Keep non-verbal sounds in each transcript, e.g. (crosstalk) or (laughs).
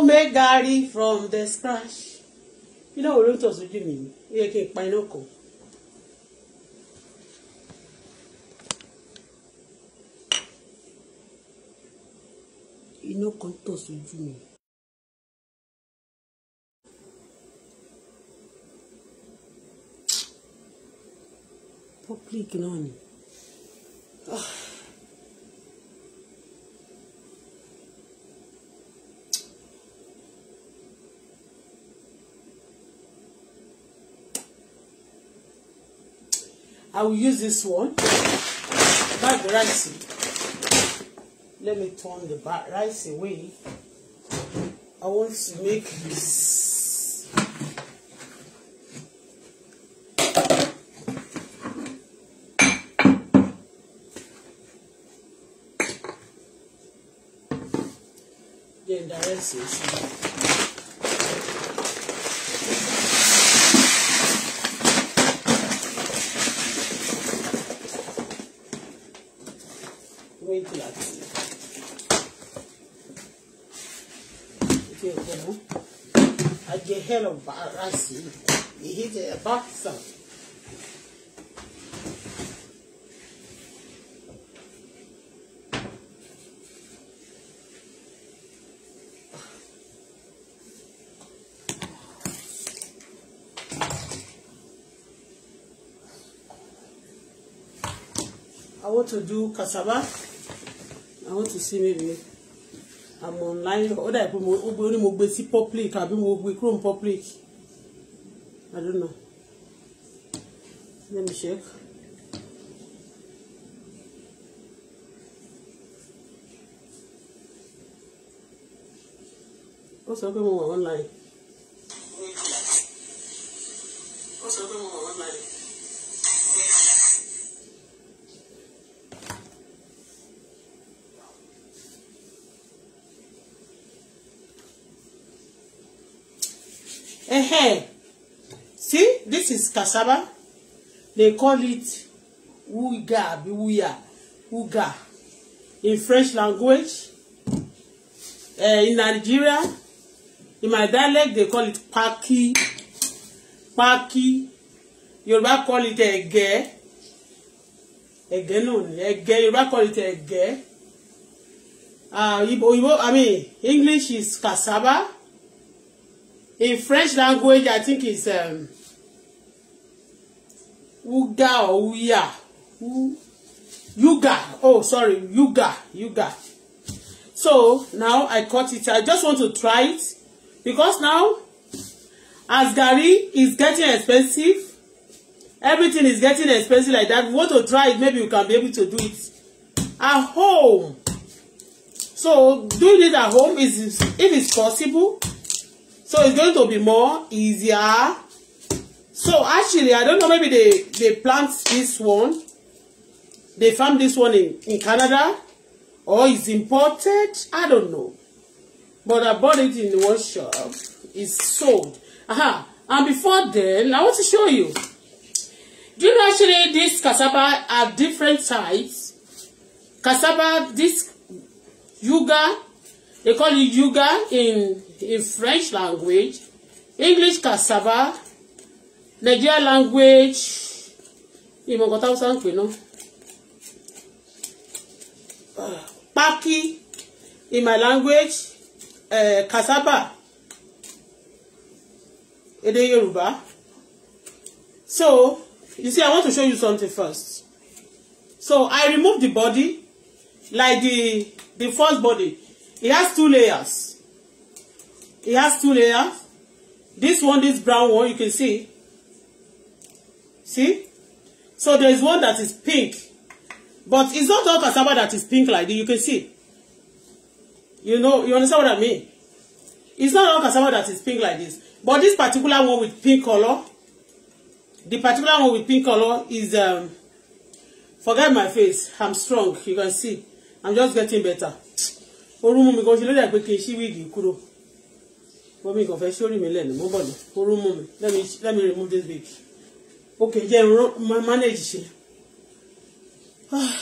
make garri from the scratch. iná wo ló ń tọ̀ sójú mi ó yẹ kí n pa iná kan. iná kan tọ̀ sójú mi. public náà ni. Oh. I will use this one. Bag the rice. Let me turn the bag rice away. I want to make this. Then the rice is. care of us. He hit a boxer. I want to do cassava. I want to see maybe àmọ́ náírà ó dàbí pé ní mo gbé sí public àbí mo gbé chrome public I don't know let me check. ó sọ pé mo wà online. cassava they call it uga abi uya uga in French language uh, in Nigeria in my dialect they call it paki paki Yoruba call it ẹ̀gẹ́ ẹ̀gẹ́ náà ni ẹ̀gẹ́ Yoruba call it ẹ̀gẹ́ uh, ah, Igbo I mean English is cassava in French language I think it's um, Uga or Uya. Yuga. Oh, sorry. Yuga. Yuga. So now I cut it. I just want to try it because now as Gary is getting expensive, everything is getting expensive like that. We want to try it. Maybe we can be able to do it at home. So doing it at home is if it's possible. So it's going to be more easier So actually, I don't know, maybe they, they plant this one. They farm this one in, in Canada or it's imported. I don't know. But I bought it in the workshop. It's sold. Aha. And before then, I want to show you. Do you know actually this cassava are different types? Cassava, this yuga, they call it yuga in, in French language. English cassava Nigeria language ìmọ̀ nǹkan táwọn sáà ń pè náà pákí in my language uh, cassava èdè Yorùbá so you see I want to show you something first so I remove the body like the the first body it has two layers it has two layers this one this brown one you can see See? So there is one that is pink. But it's not all cassava that is pink like this. You can see. You know, you understand what I mean? It's not all cassava that is pink like this. But this particular one with pink color, the particular one with pink color is, um, forget my face, I'm strong, you can see. I'm just getting better. Orun mú mi kan ṣe lórí àgbẹ̀ kí n ṣí wíìgì kúrò. Bọ́mí kan mo bọ̀ lọ. mi, let me remove this wig ok jẹ́ n manage ṣe. Ah.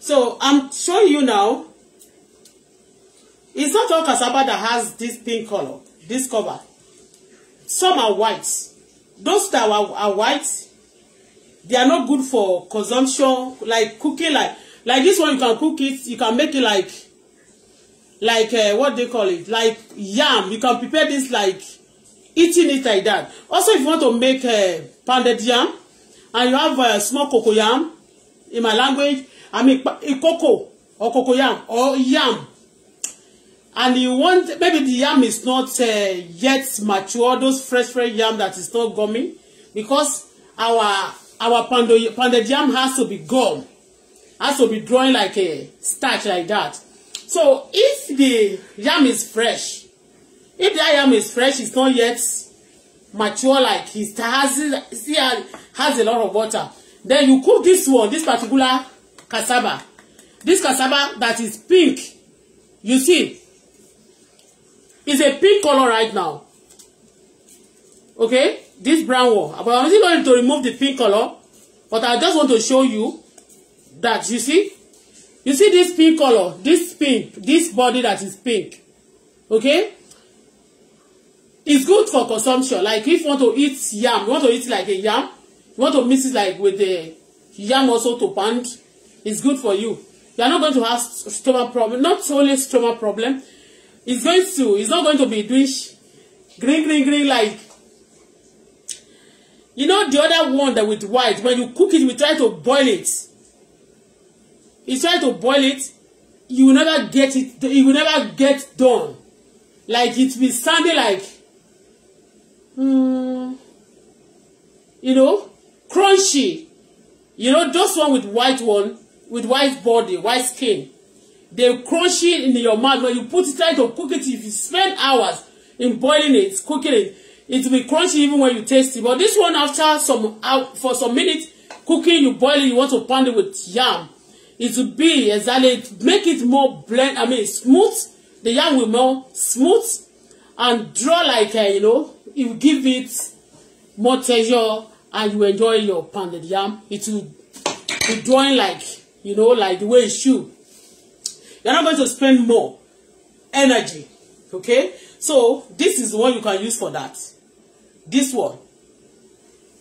So I'm showing you now. It's not all cassava that has this pink color, this cover. Some are white. Those that are, are white, they are not good for consumption, like cooking, like like this one you can cook it, you can make it like like uh, what they call it, like yam. You can prepare this like eating it like that also if you want to make uh, pounded yam and you have uh, small cocoa yam in my language i mean eh, cocoa or cocoa yam or yam and you want maybe the yam is not uh, yet mature those fresh fresh yam that is not gummy because our our pounded, pounded yam has to be gum has to be drawing like a starch like that so if the yam is fresh If the yam is fresh, it's not yet mature like it has, see, has a lot of water. Then you cook this one, this particular cassava. This cassava that is pink, you see, it's a pink color right now. Okay, this brown one. But I'm still going to remove the pink color. But I just want to show you that, you see, you see this pink color, this pink, this body that is pink. Okay, it's good for consumption like if you want to eat yam you want to eat like a yam you want to mix it like with the yam also to pound it's good for you you are not going to have stomach problem not only stomach problem it's going to it's not going to be doing green green green like you know the other one that with white when you cook it we try to boil it you try to boil it you will never get it you will never get done like it be sounding like mm, you know, crunchy. You know, those one with white one, with white body, white skin. They crunchy in your mouth. When you put it, try to cook it, if you spend hours in boiling it, cooking it, it will be crunchy even when you taste it. But this one, after some, for some minutes, cooking, you boil it, you want to pound it with yam. It will be exactly, make it more blend, I mean, smooth. The yam will more smooth and draw like, uh, you know, you give it more treasure and you enjoy your pounded yam it will be drawing like you know like the way it should you're not going to spend more energy okay so this is the one you can use for that this one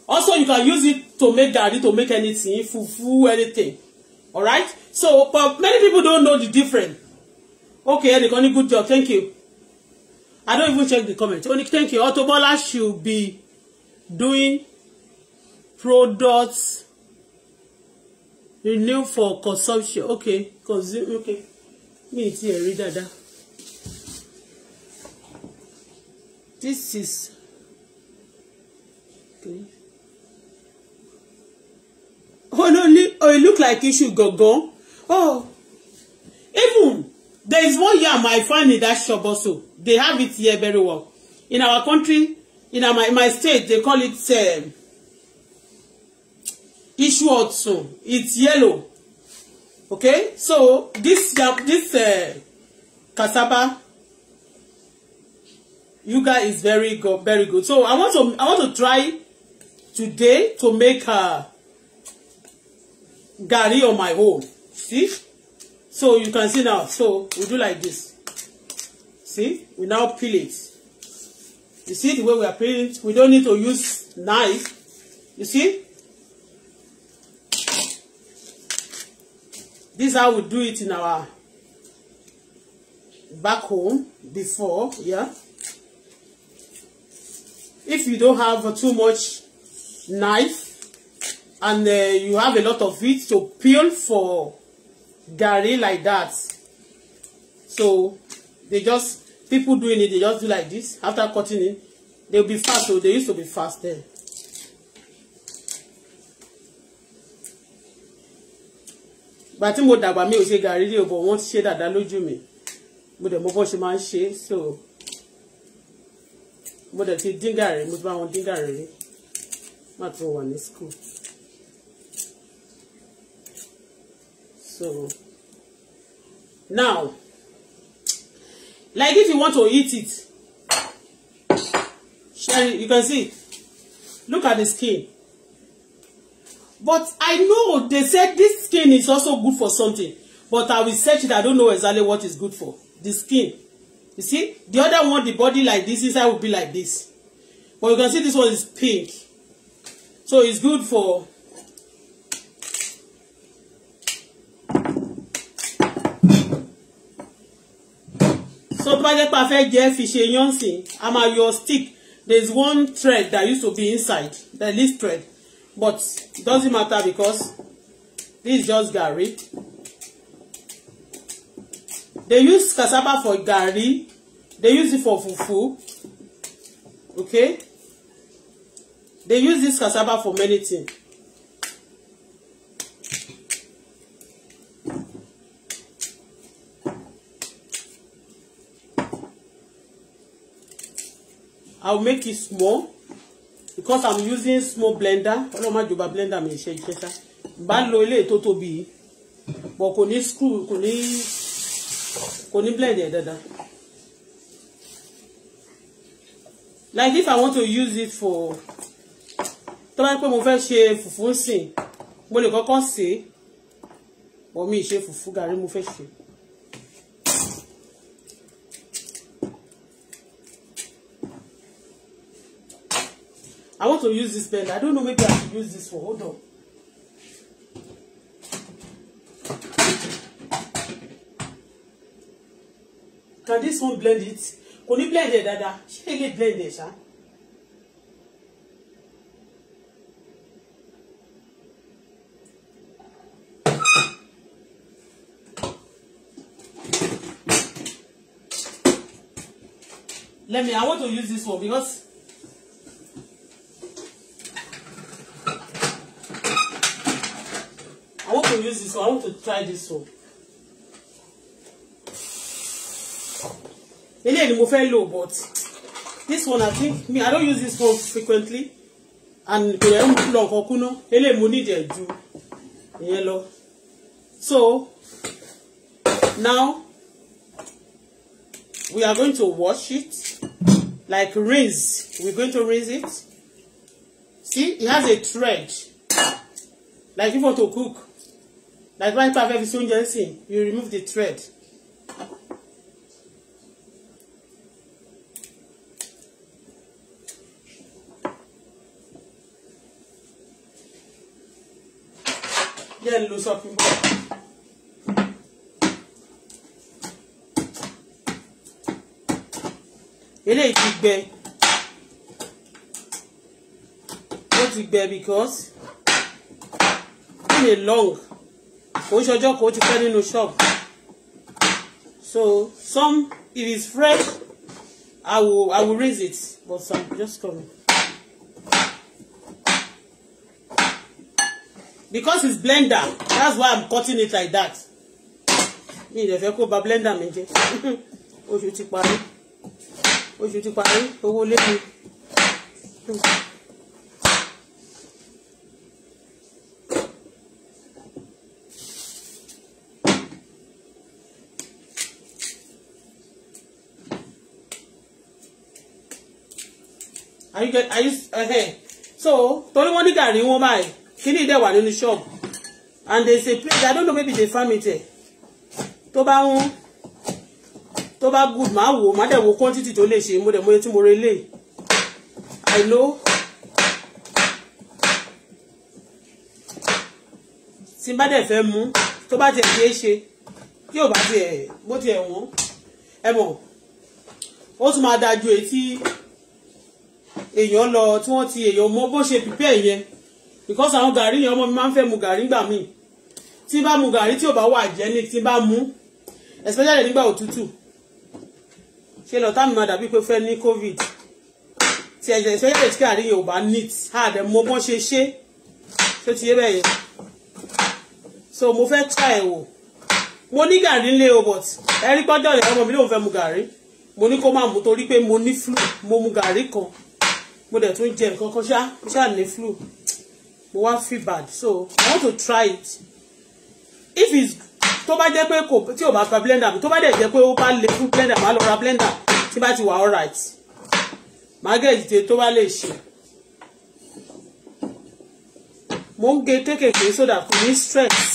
also you can use it to make garri to make anything fufu anything all right so but many people don't know the difference okay ẹnìkan ní good job thank you I don't even check the comment. Only thank you. Autobola should be doing products renew for consumption. Okay, consume. Okay, me ti a reader. dáadáa. This is okay. Oh no, oh, it look like should go gangan. Oh, even there is one yam I find in that shop also. They have it here very well. In our country, in my in my state, they call it uh, issue also. It's yellow. Okay, so this this uh, cassava yuga is very good, very good. So I want to I want to try today to make a gari on my own. See, so you can see now. So we do like this. See, we now peel it. You see the way we are peeling it? We don't need to use knife. You see? This how we do it in our back home before, yeah? If you don't have too much knife and uh, you have a lot of it to peel for garri like that. So, they just people doing it they just do like this after cutting it they'll be fast so oh, they used to be fast then But tí mo dàgbà mi me, ṣe gàrí rí o bọ̀ wọ́n ti ṣe dáadáa lójú mi mo dẹ̀ mo she ṣe máa so but dẹ̀ ti dín gàrí mo ti bá wọn dín gàrí rí school so now like if you want to eat it Sherry you can see look at the skin but I know they said this skin is also good for something but I will search it I don't know exactly what is good for the skin you see the other one the body like this inside will be like this but you can see this one is pink so it's good for bá jẹ́ pé a fẹ́ jẹ́ fi ṣe yánsìn a máa yọ stick there is one thread that used to be inside the least thread but it doesn't matter because this is just garri they use cassava for garri they use it for fufu okay they use this cassava for many things I'll make it small because I'm using small blender ọlọ́run má jọba blender mi ṣe iṣẹ́ ṣá bá lo eléyìí tó tóbi yìí but kò ní screw kò ní kò ní blend yẹn like if I want to use it for tó bá yẹ pé mo fẹ́ ṣe fùfú sìn mo lè kọ́kọ́ sè é but mi ì fufu, fùfú gàrí mo fẹ́ ṣe. I want to use this pen. I don't know maybe I should use this for. Hold on. Can this one blend it? Can you blend ẹ̀ dáadáa. Can ilé blend it, ṣá? Let me, I want to use this one because to use this one. I want to try this one. Eléyìí ni mo fẹ́ lò but this one I think me I don't use this one frequently and kò yẹ ń lọ nǹkan kúná eléyìí mo need So now we are going to wash it like rinse we're going to rinse it see it has a thread like if you want to cook like báyìí pàfẹ́ fi sí oúnjẹ sí you remove the thread. yẹ́ ń lo shopping bag. eléyìí ti gbẹ ó ti gbẹ because e dey long kò ń ṣọjọ́ kò ti pẹ́ nínú ṣọ́ọ̀bù so some if it's fresh I will I will raise it but some just come because it's blender that's why I'm cutting it like that mi ì lè fẹ́ kó bà blender mi jẹ́ (laughs) oṣù ti parí oṣù ti parí owó lé mi. are you get are you uh-huh. so torí wọ́n ní gàrí wọn báyìí kíní ìdẹ̀ wà nínú shop and they say please i don't know maybe they farm it here tó bá ń tó bá good máa wò má dẹ̀ wo quantity tó lè ṣe mo dẹ̀ mo yẹ tí mo relé i know tí n bá dẹ̀ fẹ́ mú tó bá tiẹ̀ ṣeé ṣe tí ò bá tiẹ̀ bó tiẹ̀ wọ́n ẹ mọ̀ ó tún máa dájú etí èèyàn lọ tí wọ́n ti èèyàn mọ bó ṣe pípẹ́ yẹn because àwọn gàrí yẹn ọmọ mi máa ń fẹ́ mu gàrí gbà míì tí bá mu gàrí tí ò bá wà jẹ́ ní tí bá mu especially nígbà òtútù ṣe lọ tá mi máa dàbí pé fẹ́ ní covid ti ẹ̀jẹ̀ especially tí gàrí yẹn ò bá neat Hard, mọ bọ́n ṣe ṣe tó ti yé bẹ́ẹ̀ yẹn so mo fẹ́ try ẹ̀ wò mo ní gàrí ńlẹ̀ o but ẹ̀rí pọ́jọ́ rẹ̀ ọmọ mi ló ń fẹ́ mu gàrí mo ní kó má mu torí pé mo ní flu mo mu gàrí kan mo dẹ̀ tún jẹ nǹkan kan ṣá ṣá ní flu mo wá feel bad so i want to try it if it's tó bá jẹ́ pé kò tí ò bá fa blender tó bá dẹ̀ jẹ́ pé ó bá le fún blender má lọ ra blender tí bá ti wà alright má gẹ̀ẹ́dìde tó bá lè ṣe mo ń ge kékèké so that kò ní stress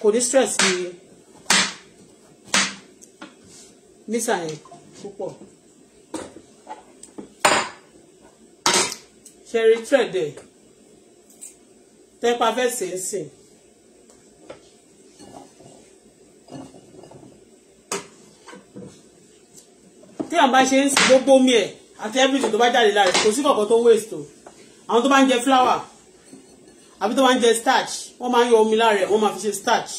kò ní stress mi mísà yẹn púpọ̀. ṣẹ̀rí tẹ̀dẹ̀ tẹ́pá fẹ́ sẹ́sìn. tí àwọn bá ṣe ń sìn gbogbo omi ẹ̀ àti everything tó bá jáde lára kò sí kọ̀ọ̀kan tó waste o àwọn tó bá ń jẹ flour àbí tó bá ń jẹ starch wọ́n máa ń yọ omi lára ẹ̀ starch.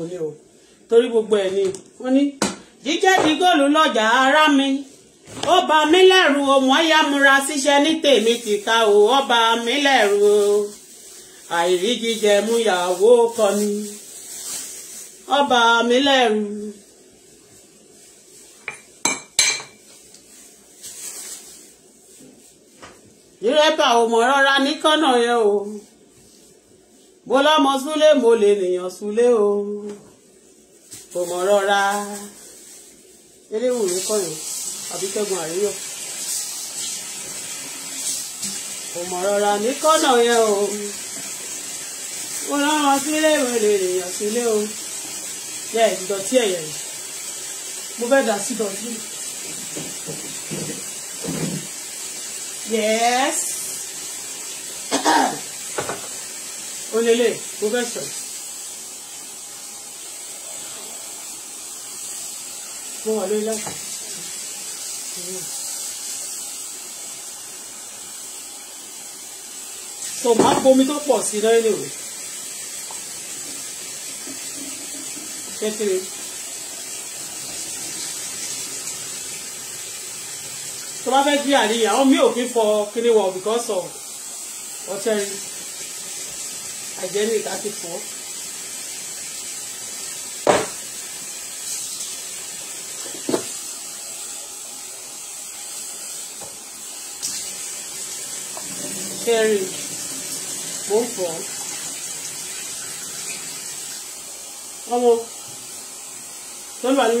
ìyàwó ni o torí gbogbo ẹ̀ ni wọ́n ní jíjẹ́ di góòlù lọ́jà ara mi ó bà mí lẹ́rù o wọ́n múra síṣẹ́ ní tèmi tìka o ó bà mí lẹ́rù o àìrí jíjẹ mú yàwó kọ mi ó bà mí lẹ́rù. dírẹ́bà ò mọ̀ rọra ní kọ́nà yẹn o mo lọ́mọ súlé mo lè nìyàn súlé o kò mọ̀ rọra eléwù mi kọ̀yìn àbíkẹ́gun àríyọ̀ kò mọ̀ rọra ní kọ́nà yẹn o mo lọ́mọ súlé mo lè nìyàn súlé o yẹ ìdọ̀tí ẹ̀yẹ̀ rẹ̀ mo fẹ́ dà sí dọ̀tí. Yes olele mo fẹ́ sọ mo wà lórí láti so máa bomi tó pọ̀ sí náà níwèé kékeré tó bá fẹ́ gbé àríyá ọ mi ò fi fọ kíní wọ because of ọtẹ́rin ẹ̀jẹ̀ ní ìka ti fọ́. fẹ́rẹ̀ mò ń fọ́ ọmọ lọ́lọ́ àlú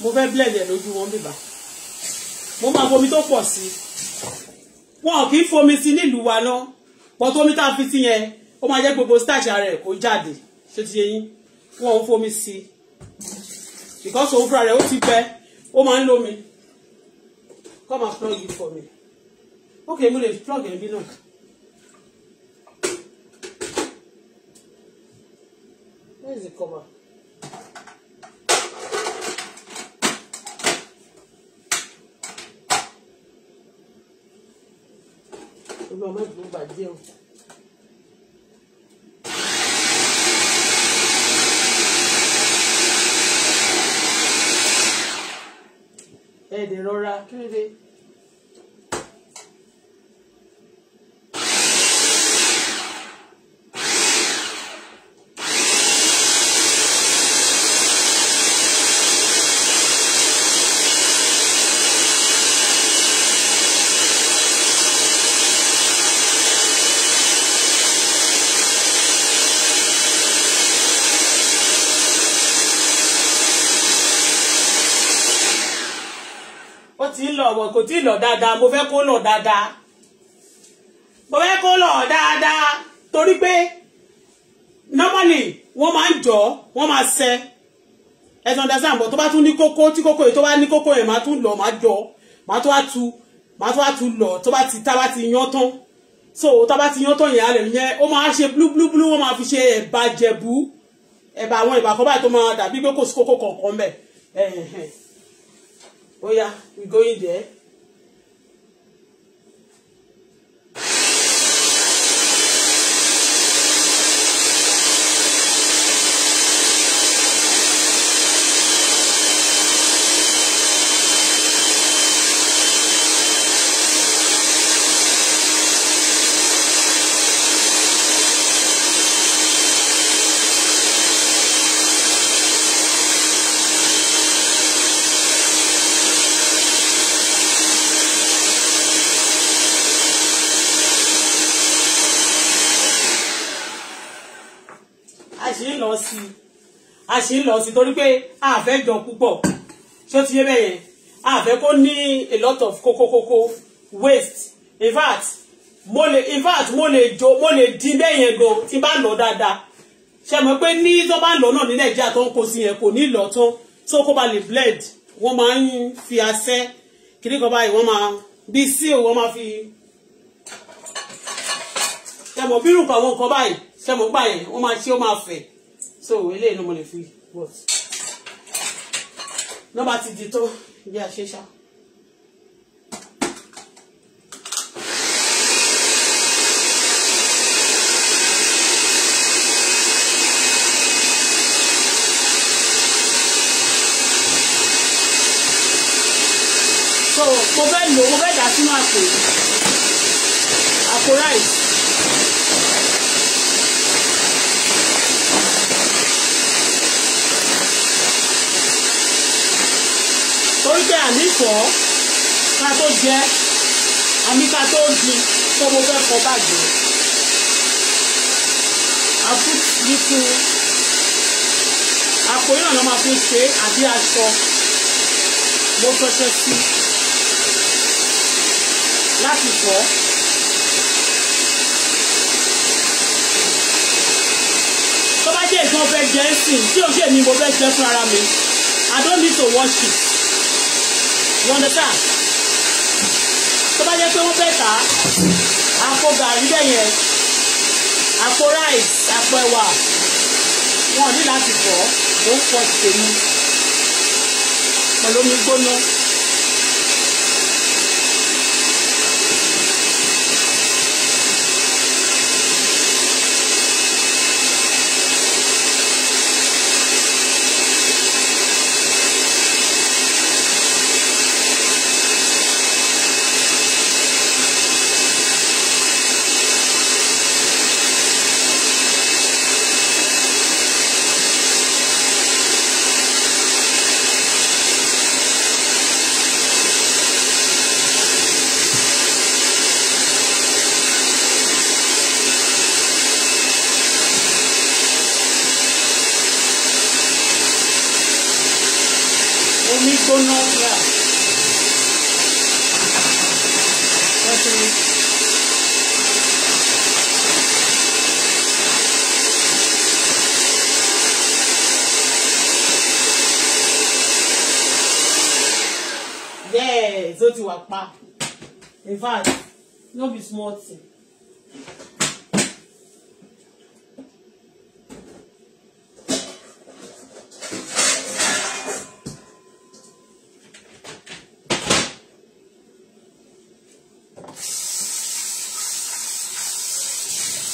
mo fẹ́ blend ẹ̀ lójú wọn bíbá mo máa fomi tó pọ̀ sí wọn kì í fomi sí nílùú wa náà but omi tá a fi sí yẹn ó máa jẹ́ gbogbo starch ara ẹ̀ kó jáde ṣé ti yẹ yín wọn ò fomi sí i because òun fúnra rẹ̀ ó ti pẹ́ ó máa ń lómi come and plug it for me okay mo lè plug ẹ̀ bí náà. Where is the cover? lọ ọmọ ìdúró bàjẹ́ o. ẹ̀ẹ́dẹ̀ rọra kí ló kò tí ì lọ dáadáa mo fẹ́ kó lọ dáadáa mo fẹ́ kó lọ dáadáa torí pé normally wọ́n máa ń jọ wọ́n máa ṣe ẹ̀sán dáadáa bọ̀ tó bá tún ní kókó tí kókó yìí tó bá ní kókó yẹn máa tún lọ máa jọ máa tó wá tu máa tó wá tu lọ tó bá ti tá bá ti yan tán so tá bá ti yan tán yẹn alẹ́ yẹn ó máa ṣe blúblúblú wọ́n máa fi ṣe ẹ̀bà jẹ̀bú ẹ̀bà àwọn ìbà kan báyìí tó máa dàbí pé kò sí kókó kankan bẹ́ẹ̀ ẹ̀hẹ̀n ó yá we going there. ṣe ń lọ sí torí pé a fẹ́ jọ púpọ̀ ṣé ó ti yé bẹ́yẹn a fẹ́ kó ní a lot of kókókókó waste in fact mo lè in fact mo lè jo mo lè di bẹ́yẹn gan tí bá lọ dáadáa ṣe mọ̀ pé ní tó bá lọ náà ní nàìjíríà tó ń kó sí yẹn kò ní lọ tán tó kó ba lè blend wọ́n máa ń fi asẹ́ kiri kan báyìí wọ́n máa bí seal wọ́n máa fi ṣe mọ̀ bírù pa àwọn nǹkan báyìí ṣe mọ̀ gbà yẹn wọ́n máa ṣe ó máa fẹ̀ so eléyìí ló mo lè fi but nọ́mbà ti di tó bí a ṣe ṣá. so mo fẹ́ lò mo fẹ́ dà sínú àpò àpò rice. jẹ àníkọ́ ká tó jẹ àmì ká tó di tó mo fẹ́ kọ́ bàjẹ́ àfúnìkù àpò yìí náà máa fi ṣe àbí aṣọ mo fẹsẹ̀ sí láti fọ́. tó bá fẹ́ jẹ́ sí tí ó mi mo fẹ́ jẹ́ fún ara mi I don't need to wash you understand tó bá jẹ́ pé wọ́n fẹ́ tà á àpò gàrí bẹ́ẹ̀ yẹn àpò rice àpò ẹ̀wà wọn ò ní láti fọ̀ ó ń fọ̀ tèmi pẹ̀lú omi gbóná. fact no be small thing.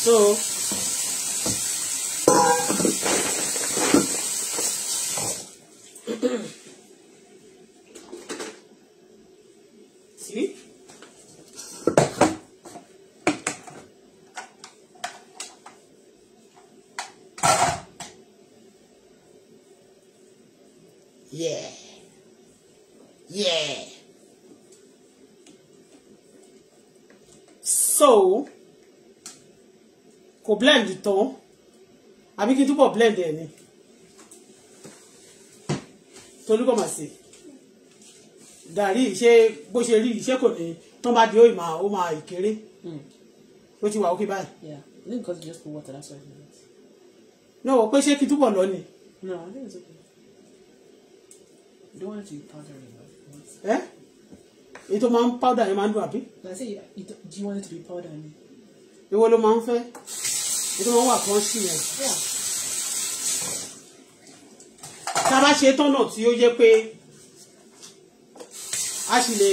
so blend tán àbí kí n túbọ̀ blend ẹ̀ ni tolúkọ̀ mà sí gàrí ṣé bó ṣe rí iṣẹ́ kò ní tán bá di ó máa ó máa ìkéré hmm. ó ti wà ókè báyìí. yeah I because you just put water that's why no pé ṣé kí n túbọ̀ lọ ni. no I think it's okay. don't want it to be powdery. But... Eh? èyí tó máa ń powder yẹn máa ń dùn àbí. I say do you want it to be powder ni. èwo ló máa ń fẹ́ nítorí wọ́n wà fún sí yẹn. tá a bá ṣe tán náà tí ó jẹ́ pé a sì lè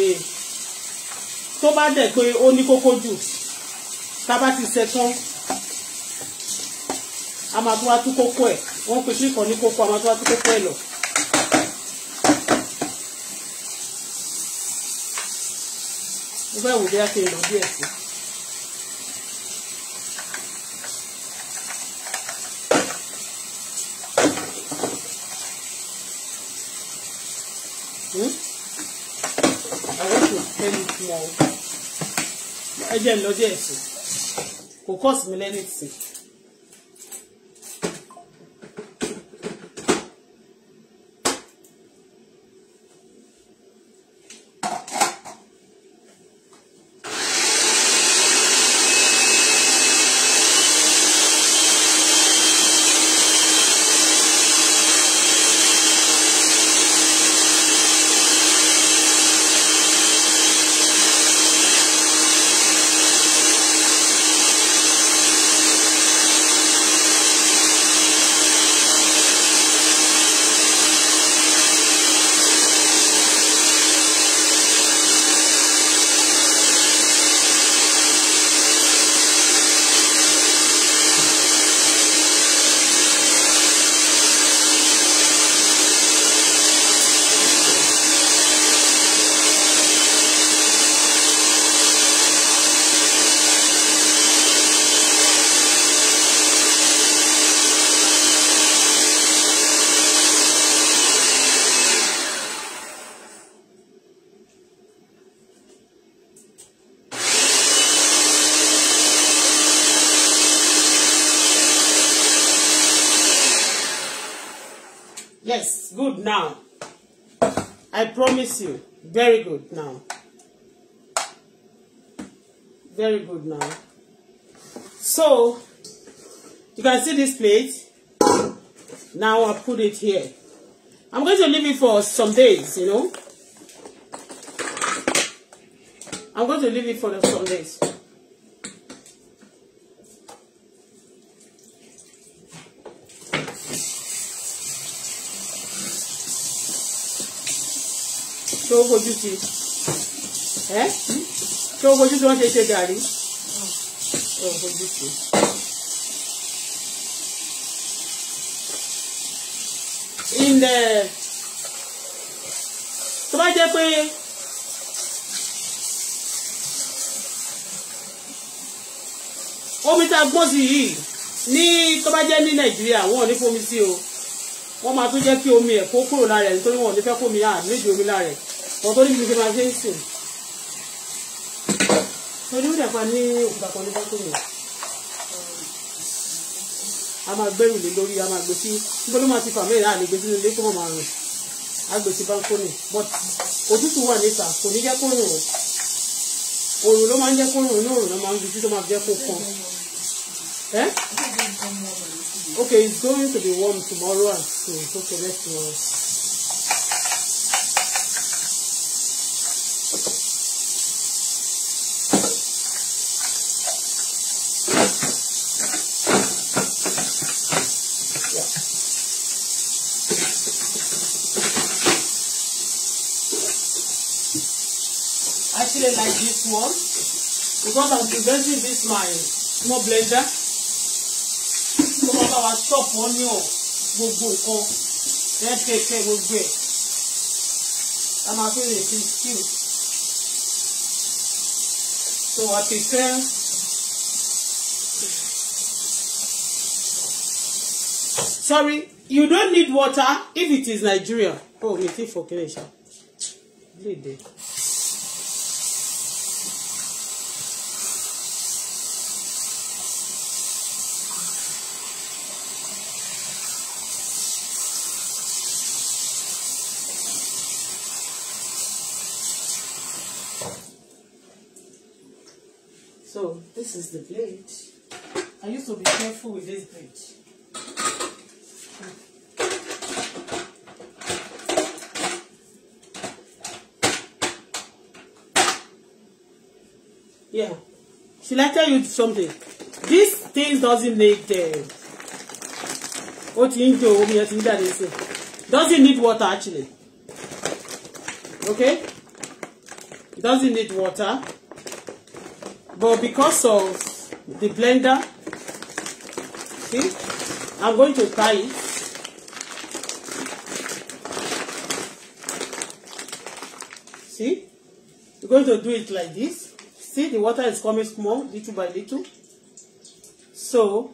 tó bá dẹ̀ pé ó ní kókó jù tá a bá ti ṣe tán a máa tún wá tú kókó ẹ̀ wọ́n pe sí ìkànnì kókó a máa tún wá tú kókó ẹ̀ lọ. mo fẹ́ wò bí a ṣe lọ díẹ̀ sí ẹ jẹ́ ń lọ díẹ̀ sí kò kọ́ọ̀sì mi lẹ́nìtì now. I promise you. Very good now. Very good now. So, you can see this plate. Now I put it here. I'm going to leave it for some days, you know. I'm going to leave it for some days. tó fojú ti ẹ tó fojú tí wọ́n ṣe ṣe gàrí tó fojú ti. ilẹ̀ tó bá jẹ́ pé omi tá a gbọ́n sí yìí ní tó bá jẹ́ ní nàìjíríà wọn ò ní fomi sí o wọ́n máa tún jẹ́ kí omi ẹ̀ kó kúrò lára ẹ̀ nítorí wọn ò ní fẹ́ kómi àmì ìdí omi lára ẹ̀ ọ̀tọ́ níbi tí máa ṣe ń sìn torí ó dàgbà ní ìgbà kan ní bákò yẹn a máa gbẹ́rù lé lórí a máa gbé sí níbo ló máa ti fàmí ìlà àlè but òtútù wà níta kò ní jẹ́ kó rùn o òrùn ló máa ń jẹ́ kó rùn inú òrùn ló máa ń dúdú tó okay it's going to be warm tomorrow and so it's okay let's go. small because I'm preventing this my small blender tó máa bá chop onion gbogbo nǹkan then pepper gbogbo ẹ̀ a máa fi lè fi stew so I prepare. sorry you don't need water if it is Nigeria oh mi ti fọ kiri ṣá. This is the blade. I used to be careful with this blade. Yeah. Should I tell you something? This thing doesn't need uh, what you into omi ẹtì nígbà they say. Doesn't need water actually. Okay? doesn't need water but because of the blender see I'm going to tie it see we're going to do it like this see the water is coming small little by little so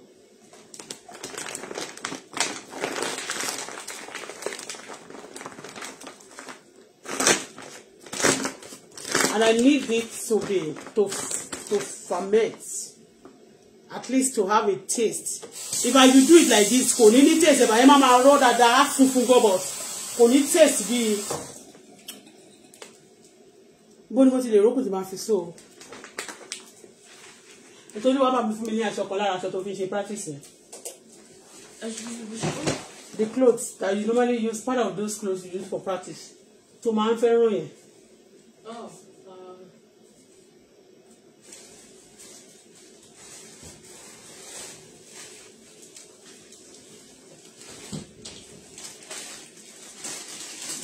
and I need it to be to ferment at least to have a taste if i you do it like this kò ní ní taste ẹ̀bà yẹn máa máa rọ́ dáadáa funfun gọ́bọ̀ kò ní taste bíi bó ni mo ti lè rókùn tí máa fi so nítorí wàá máa fún mi ní aṣọ kan lára aṣọ tó fi ṣe practice the clothes that you normally use part of those clothes you use for practice tó máa ń fẹ́ràn yẹn. Oh.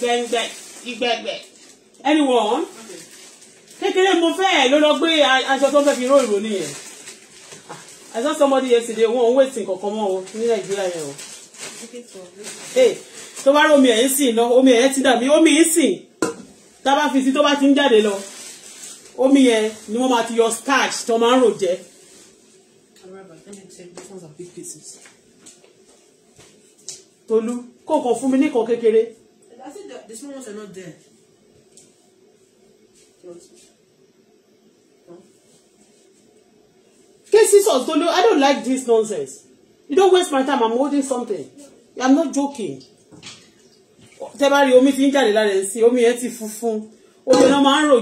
ìgbẹ̀ǹgbẹ̀ ìgbẹ̀gbẹ̀ anyone kékeré mo fẹ́ ẹ̀ ló lọ gbé aṣọ tó fẹ́ fi ró ìrònú yẹn I saw somebody yesterday wọn ò wait nǹkankan mọ́ o ní Nàìjíríà yẹn o tó bá rómi ẹ̀ ń sìn lọ omi ẹ̀ ti dàbí omi ń sìn tá a bá fi sí tó bá ti ń jáde lọ omi yẹn ni wọ́n máa ti yọ starch tó máa ń rò jẹ. Tolú kò kàn fún mi ní kan kékeré. I said that the small ones are not there. Cases of Dolo, I don't like this nonsense. You don't waste my time, I'm holding something. I'm not joking. Tẹ́ bá omi tí ń jáde lára omi yẹn ti funfun. Omi náà máa ń rò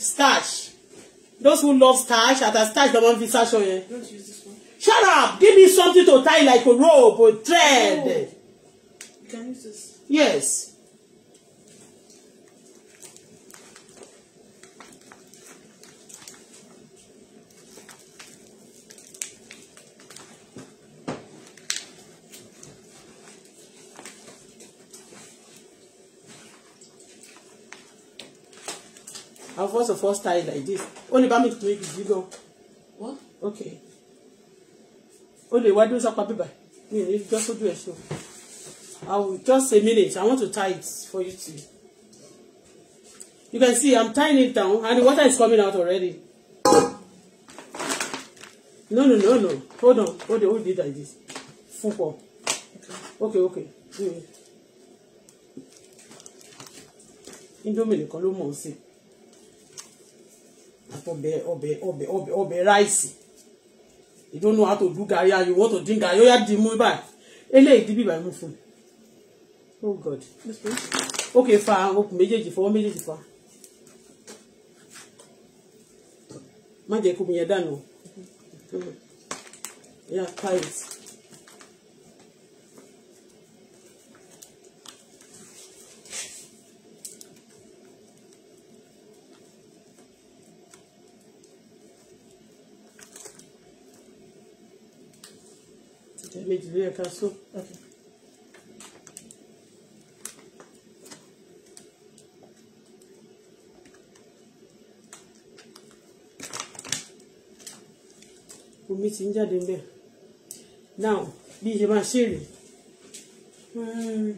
starch. Those who love starch, at a starch ló máa ń fi sáṣọ yẹn. Shut up! Give me something to tie like a rope or thread. Oh. Can use this. Yes. and first of all style like this ó lè bá mi tún ibi yìí gan okay ó lè wá dúró sápá bíbá mi ò ní jọ́ sójú ẹ̀ I will just a minute I want to tie it for you too you can see I'm tying it down and the water is coming out already no no no no hold on hold on hold it like this full pour okay okay. Mm. Indomie nìkan ló mọ̀ ọ́ sí i àtọbẹ̀ ọbẹ̀ ọbẹ̀ ọbẹ̀ ọbẹ̀ rice. you don't know how to do garri and you want to drink garri ó yá di mú báyìí eléyìí di bíbá mú fún oh god ok fa okùn méjèèjì fọwọ́ méjèèjì fa má jẹ́ kó mi yẹn dànù yà ká méjì ló yẹ ká so. Okay. omi ti ń jáde níbẹ̀ now bí ṣe máa ṣe rèé lórí hmm.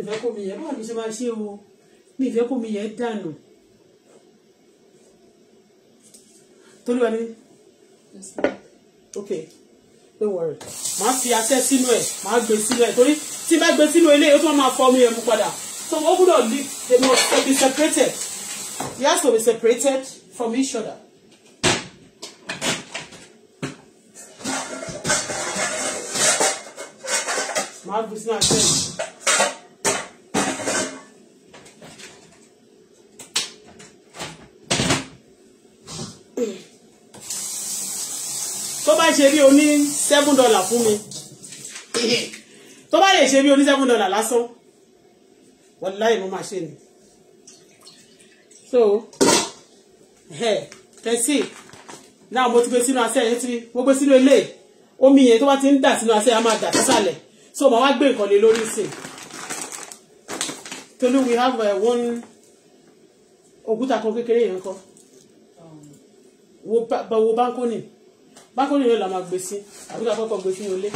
ìfẹ́ kò mi yẹ báwo ni ṣe máa ṣe o mi ìfẹ́ kò mi yẹn dànù torí wa ni ok don't worry màá fi asẹ́ sínú ẹ̀ màá gbé sínú ẹ̀ torí tí bá gbé sínú ilé yóò tún máa fọ omi yẹn mu padà so ó gbúdọ̀ li they must be separated He has to be separated from each other. màá gbé sínú asẹ́ yìí. bá ṣe bí oní seven dollar fún mi (laughs) tó bá lè ṣe bí oní seven dollar lásán wàláì mo máa ṣe ni so tẹ̀sí náà mo ti gbé sínú asẹ́ yẹn ti mo gbé sínú ilé omi yẹn tó bá ti ń dà sínú asẹ́ yẹn a máa dà sísàlẹ̀ so màá wá gbé nǹkan lé lórí sí i Tolu we have uh, one òkúta kan kékeré yẹn kọ́ um. wo báńkó nìí bákọ́ni yóò la máa gbé sí àbí ká kọ́kọ́ gbé sí ilé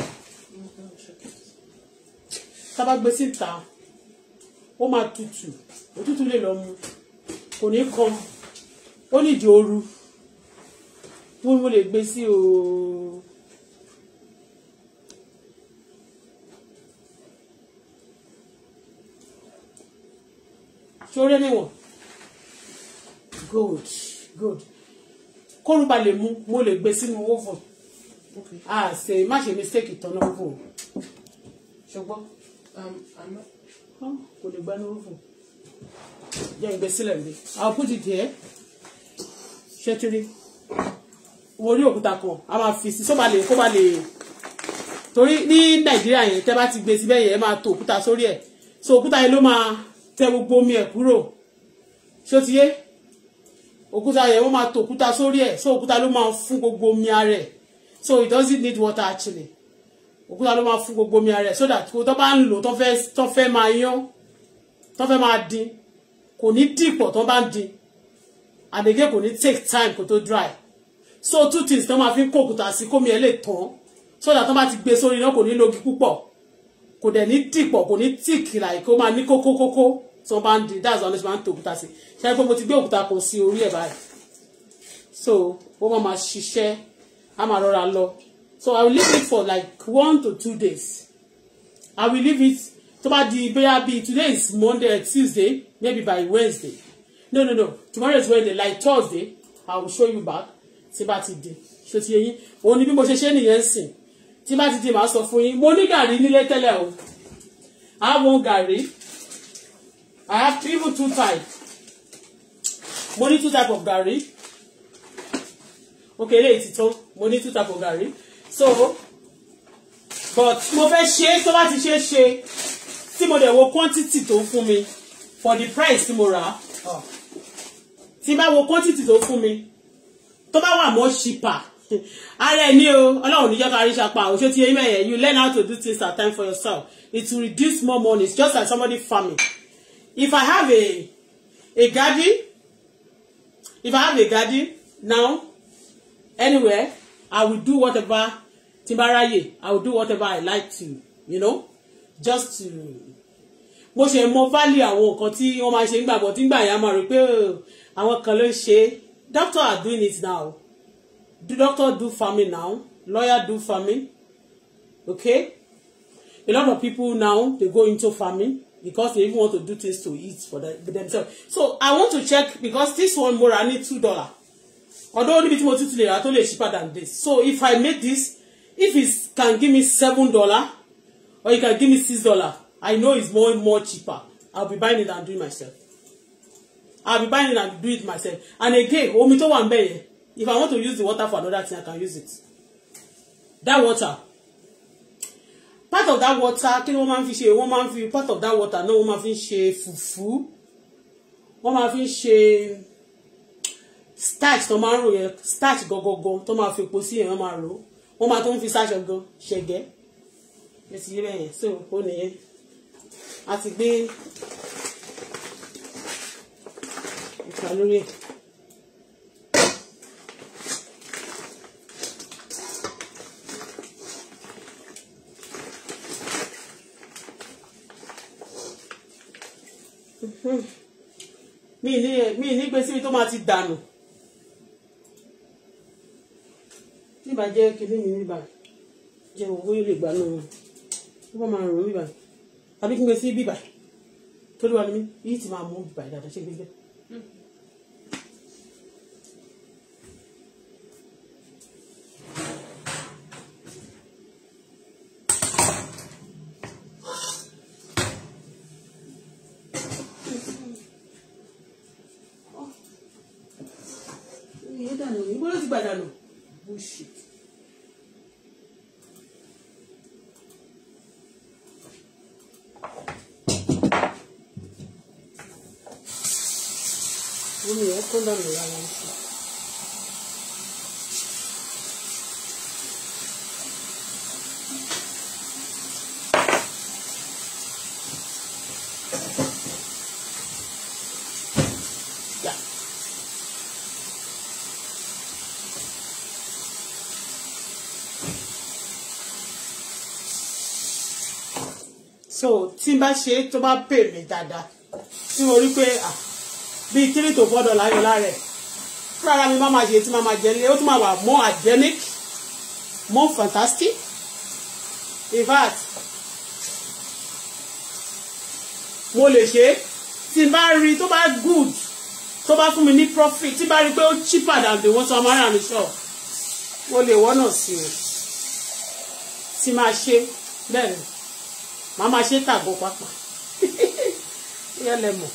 tá bá gbé síta ó máa tutù òtútù lè lọ mu kò ní kan ó nídìí ooru wọ́n mo lè gbé sí ooo. ṣoré níwọ̀n good good kóòrùn bá lè mú mo lè gbé sínú oven a ṣe má ṣe mistake ìtọ́nà oven ṣùgbọ́n um, kò lè gbá ní oven jẹ́ ìgbé sílẹ̀ mi àwọn put it here ṣé tí rí wo òkúta kan a máa fi sí sọ́ba lè kó ba lè torí ní nàìjíríà yẹn tẹ́ bá ti gbé síbẹ̀ yẹn máa tó òkúta sórí ẹ̀ so òkúta yẹn ló máa tẹ gbogbo omi ẹ̀ kúrò ṣó ti yé òkúta yẹn wọ́n máa tò òkúta sórí ẹ̀ so òkúta ló máa fún gbogbo omi ara ẹ̀ so it doesn't need water actually òkúta ló máa fún gbogbo omi ara ẹ̀ so that kò tó bá ń lò tó fẹ́ tó fẹ́ máa yán tó fẹ́ máa dín kò ní dìpọ̀ tó bá ń dín and again kò ní take time kó tó dry so two things tó máa fi ń kó òkúta sí kómi ẹ̀ lè tán so that tó bá ti gbé sórí náà kò ní lógi púpọ̀ kò dẹ̀ ní dìpọ̀ kò ní tíìkì láì kó máa ní kókókókó tí wọ́n bá ń di dáàzọ́ àwọn oníṣẹ́ máa ń to òkúta sí ṣe é pé mo ti gbé òkúta kan sí orí ẹ̀ báyìí so ó máa ma ṣiṣẹ́ á máa rọra lọ so I will leave it for like one to two days I will leave it tó bá di bóyá bíi today is Monday Tuesday maybe by Wednesday no no no tomorrow is Wednesday like Thursday I will show you back tí bá ti di ṣe ti yẹyin òun ni bí mo ṣe ṣe nìyẹn sìn tí bá ti di màá sọ fún yín mo ní gàrí nílé tẹ́lẹ̀ o àwọn gàrí. I have even two types. Mo ní two types of garri. Okay, eléyìí ti tó. Mo ní two types of garri. So, but mo fẹ́ ṣe tó bá ti ṣe ṣe tí mo dẹ̀ wo quantity tó fún mi for the price tí mo rà á. Ah. Tí bá wo quantity tó fún mi tó bá wà mọ́ ṣìpà (laughs) ara ẹni o ọlọ́run níjọ́ kárí ṣapa òṣè tí eyín mẹ́yẹ you learn how to do things at time for yourself it will reduce more money it's just like somebody farming if I have a a garden if I have a garden now anywhere I will do whatever tí I will do whatever I like to you know just to mo ṣe mọ value àwọn nǹkan tí wọ́n máa ṣe ń gbàgbọ́ tí ń gbà yà máa rí pé oh, àwọn kan ló ń ṣe doctor are doing it now the doctor do farming now lawyer do farming okay a lot of people now dey go into farming because they even want to do things to eat for them, themselves so i want to check because this one more I need two dollar although níbi tí mo tún ti lè cheaper than this so if i make this if it can give me seven dollar or it can give me six dollar i know it's more more cheaper i'll be buying it and doing myself i'll be buying it and do it myself and again omi tó wà if i want to use the water for another thing i can use it that water part of that water kí ni wọ́n máa fi ṣe wọ́n máa fi part of that water náà wọ́n máa fi ń ṣe fùfú wọ́n máa fi ń ṣe starch tó máa ń rò yẹn starch gangan tó máa fi epo sí yẹn wọ́n máa rò wọ́n máa tó ń fi starch gan ṣẹ̀gẹ́ ẹtì yìí bẹ́ẹ̀ yẹn so ó nìyẹn a ti gbé ìkàlórí ẹ̀. mi ní mi ní gbé síbi tó máa ti dànù tí ìbá jẹ́ kinní mi níbà jẹ́ owó yóò lè gbà náà wọ́n bá máa rùn mí bàá àbí kí n gbé sí bíbà tó lè wà ní mí yìí ti máa mú bàá dáadáa ṣe shit. Omi ẹ̀ kó so tí n bá ṣe tó bá pè mí dáadáa tí mo rí pé bíi three to four dollar yóò lára ẹ̀ fúnra ara mi má máa ṣe tí má máa jẹ nílé ó tún máa wà more hygienic more fantastic in fact mo lè ṣe tí n bá rí tó bá good tó bá fún mi ní profit tí n bá rí pé ó cheaper than the one tó máa rà ní mo lè wọ́nà sí o tí máa ṣe bẹ́ẹ̀ ni màá máa ṣe tàgbọ́ pápá (laughs) bóyá lẹ mọ̀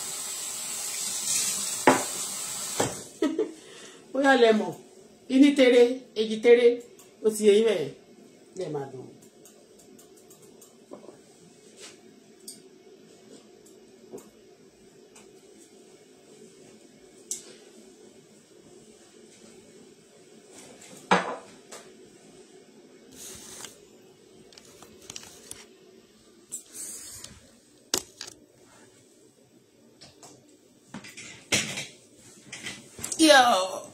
(laughs) bóyá lẹ mọ̀ ìní tere èjì tere ó ti yẹ yín bẹ́ẹ̀ lẹ́ẹ̀ dùn. Yo.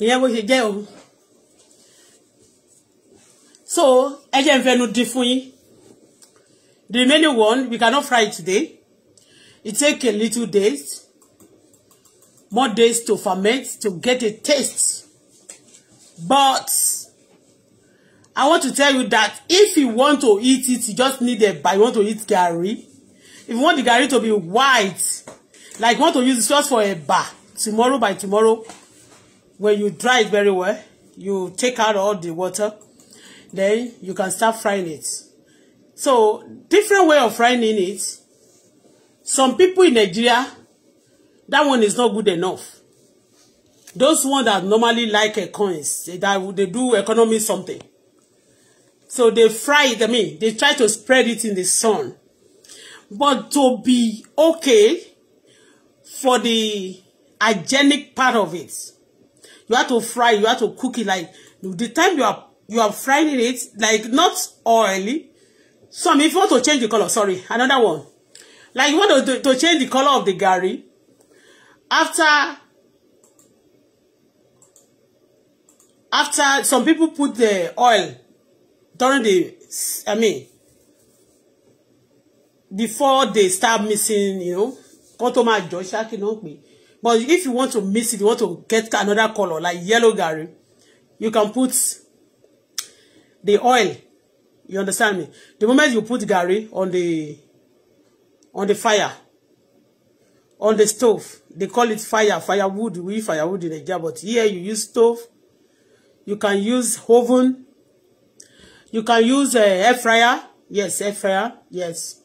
Ìyẹn bó ṣe jẹ́ o. So, ẹ jẹ́ n fẹnu di fún yín. The remaining one, we cannot fry today. It take a little days, more days to ferment to get a taste. But I want to tell you that if you want to eat it, you just need a, but you want to eat garri. If you want the garri to be white, like you want to use the sauce for a bar, tomorrow by tomorrow, when you dry it very well, you take out all the water, then you can start frying it. So, different way of frying it. Some people in Nigeria, that one is not good enough. Those one that normally like a coins, that they do economy something. So they fry it, I mean, they try to spread it in the sun. But to be okay for the hygienic part of it, you have to fry, you have to cook it like the time you are you are frying it, like not oily. Some if you want to change the color, sorry, another one. Like you want to, to change the color of the gari after after some people put the oil during the I mean before they start missing you know kan tó máa jọ ṣáàkì náà pé but if you want to miss it you want to get another colour like yellow garri you can put the oil you understand me the moment you put garri on the on the fire on the stove they call it fire firewood we firewood in Naija but here you use stove you can use oven you can use uh, air fryer yes air fryer yes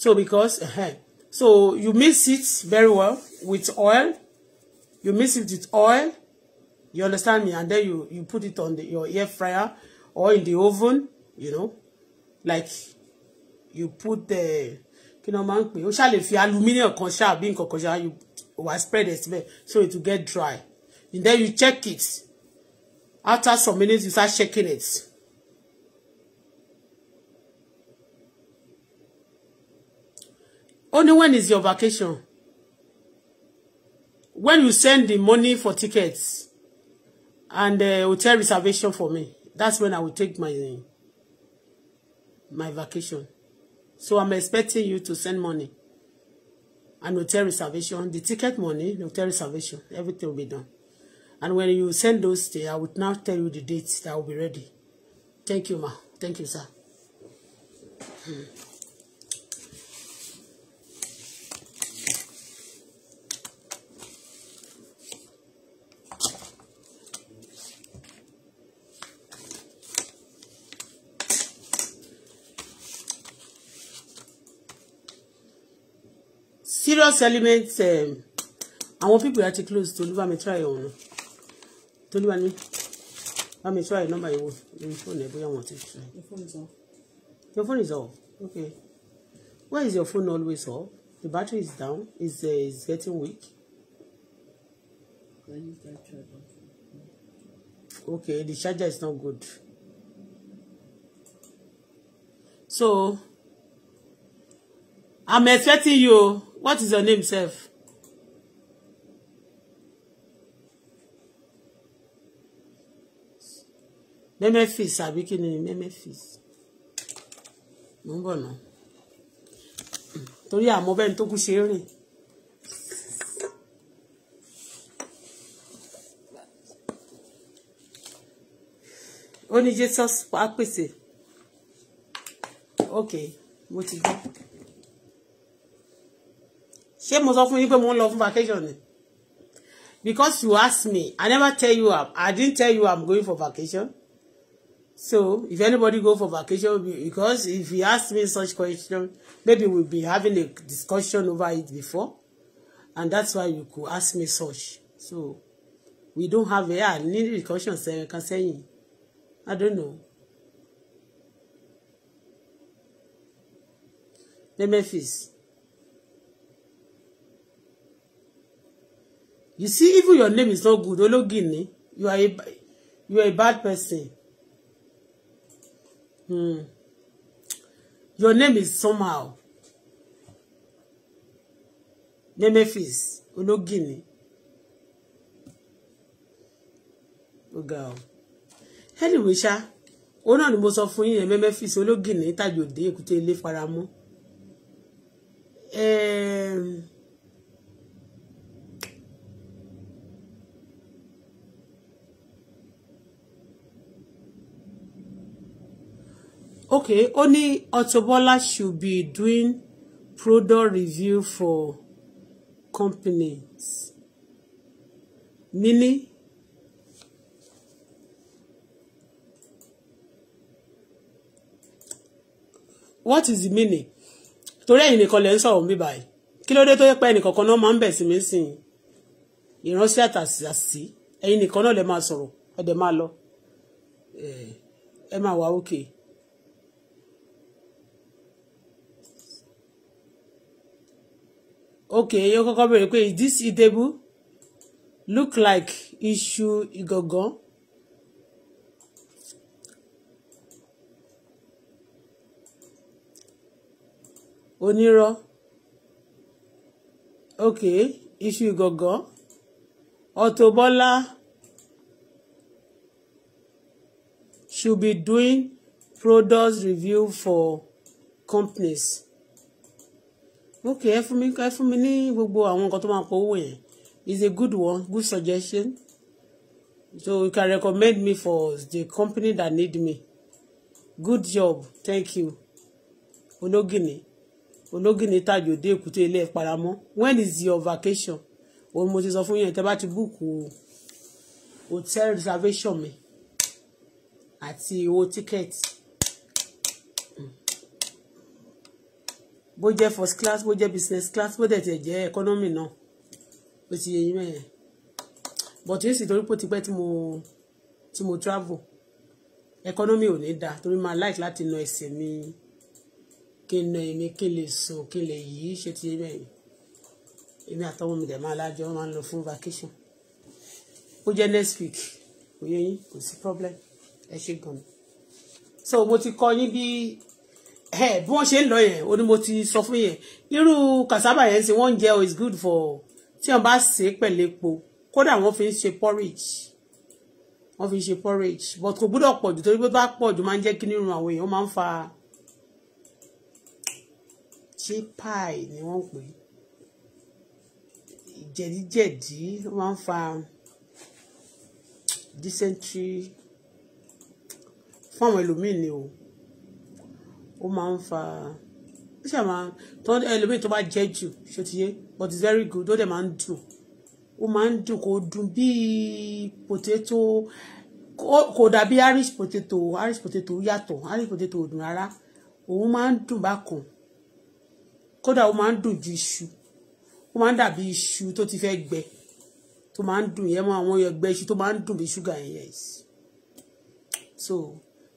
so because uh-huh. so you mix it very well with oil you mix it with oil you understand me and then you you put it on the, your air fryer or in the oven you know like you put the kí ni wọn máa ń pè ó aluminium kan ṣáà bí you wa spread it well so it will get dry and then you check it after some minutes you start checking it Only when is your vacation? When you send the money for tickets and uh, hotel reservation for me, that's when I will take my my vacation. So I'm expecting you to send money and hotel reservation, the ticket money, the hotel reservation, everything will be done. And when you send those things, I would now tell you the dates that will be ready. Thank you, ma. Thank you, sir. Hmm. serious element um, àwọn people yà ti close tolúwa mi try ọ̀nà tolúwa ni bá try number yìí wò lórí fóònù ẹ bóyá wọn ti try. your phone is off okay why is your phone always off the battery is down is uh, is getting weak. okay the charger is not good so i'm expecting you. What is your name, self? Memphis àbí kí ni Memphis? Mo ń bọ̀ náà. No àmọ́ bẹ́ẹ̀ ni tó kú ṣe é rìn. ó ní Jesus wàá pèsè ok mo ti gbọ́ ṣé mo sọ fún yín pé mo ń lọ fún vacation ni because you ask me I never tell you I'm, I didn't tell you I'm going for vacation so if anybody go for vacation because if you ask me such question maybe we'll be having a discussion over it before and that's why you could ask me such so we don't have a yeah, need discussion sẹ́yìn kan sẹ́yìn I don't know Memphis You see, even your name is not good. Ologini, you are a, you are a bad person. Hmm. Your name is somehow. Nemephis, Ologini. Oh, girl. Anyway, Sha, ó náà ni mo sọ fún yín Nemephis, Ologini, Tajode, Èkúté Ilé Faramọ́. Um, okay only ní should be doing product review for companies meaning what is the meaning torí ẹ̀yin nìkan lẹ ń sọ̀rọ̀ mi báyìí kí ló dé tó yẹ pé ẹnìkankan náà máa ń bẹ̀ sí mi sìn ìránṣẹ́ àtàsí ẹ̀yin nìkan náà lè máa sọ̀rọ̀ ẹ̀ dẹ̀ máa lọ ẹ máa wà Okay. okay yóò kọ́kọ́ béèrè pé is this edible look like iṣu ìgàngán. onírọ́ okay iṣu ìgàngán Auto should be doing product review for companies. Okay, ẹ fún mi ẹ fún mi ní gbogbo àwọn nǹkan tó máa pọ̀ owó yẹn is a good one good suggestion so you can recommend me for the company that need me good job thank you ológìní ológìní tàjò dé èkúté ilé ìparamọ́ when is your vacation òun mo ti sọ fún yẹn tẹ́ bá ti búùkù hotel reservation mi àti owó tíkẹ́ẹ̀tì. bó jẹ́ first class bó jẹ́ business class bó dẹ̀ jẹ́ economy náà ó ti yẹ yín mẹ́yẹn but yóò sì torí pò tipẹ́ tí mo tí mo travel economy ò ní da torí máa like láti na ẹsẹ̀ mi kí n na èmi kí n lè sùn kí n lè yí ṣe ti yẹ mẹ́yìn èmi àtọwọ́ mi dẹ̀ máa lájọ máa ń lọ fún vacation ó jẹ́ next week kò yẹ yín kò sí problem ẹ ṣe gan so mo ti kọ́ yín bí ẹ bí wọ́n ṣe ń lọ yẹn o ni mo ti sọ fún yẹn irú cassava yẹn sì wọ́n ń jẹ o oh, is good for tí wọ́n bá sè é pẹ̀lú epo kódà wọ́n fi ń ṣe porridge wọ́n fi ń ṣe porridge but kò gbúdọ̀ pọ̀ jù torí pé bá pọ̀ jù máa ń jẹ́ kí nírun àwọn èèyàn máa ń fa chipai ni wọ́n pè é jẹ̀díjẹ̀dí wọ́n máa ń fa dysentery fún àwọn ẹlòmíì ni o ó máa ń fa ó ṣe máa tó ẹlòmíì tó bá jẹ jù ṣe but it's very good ó dẹ̀ máa ń dùn ó máa ń dùn kò dùn bíi potato kò dàbí irish potato irish potato yàtọ̀ irish potato ò dùn rárá òun máa ń dùn bákan kódà ó máa ń dùn ju iṣu ó máa ń dàbí iṣu tó ti fẹ́ gbẹ tó máa ń dùn yẹn mọ àwọn ẹgbẹ́ iṣu tó máa ń dùn bí ṣúgà yẹn yes so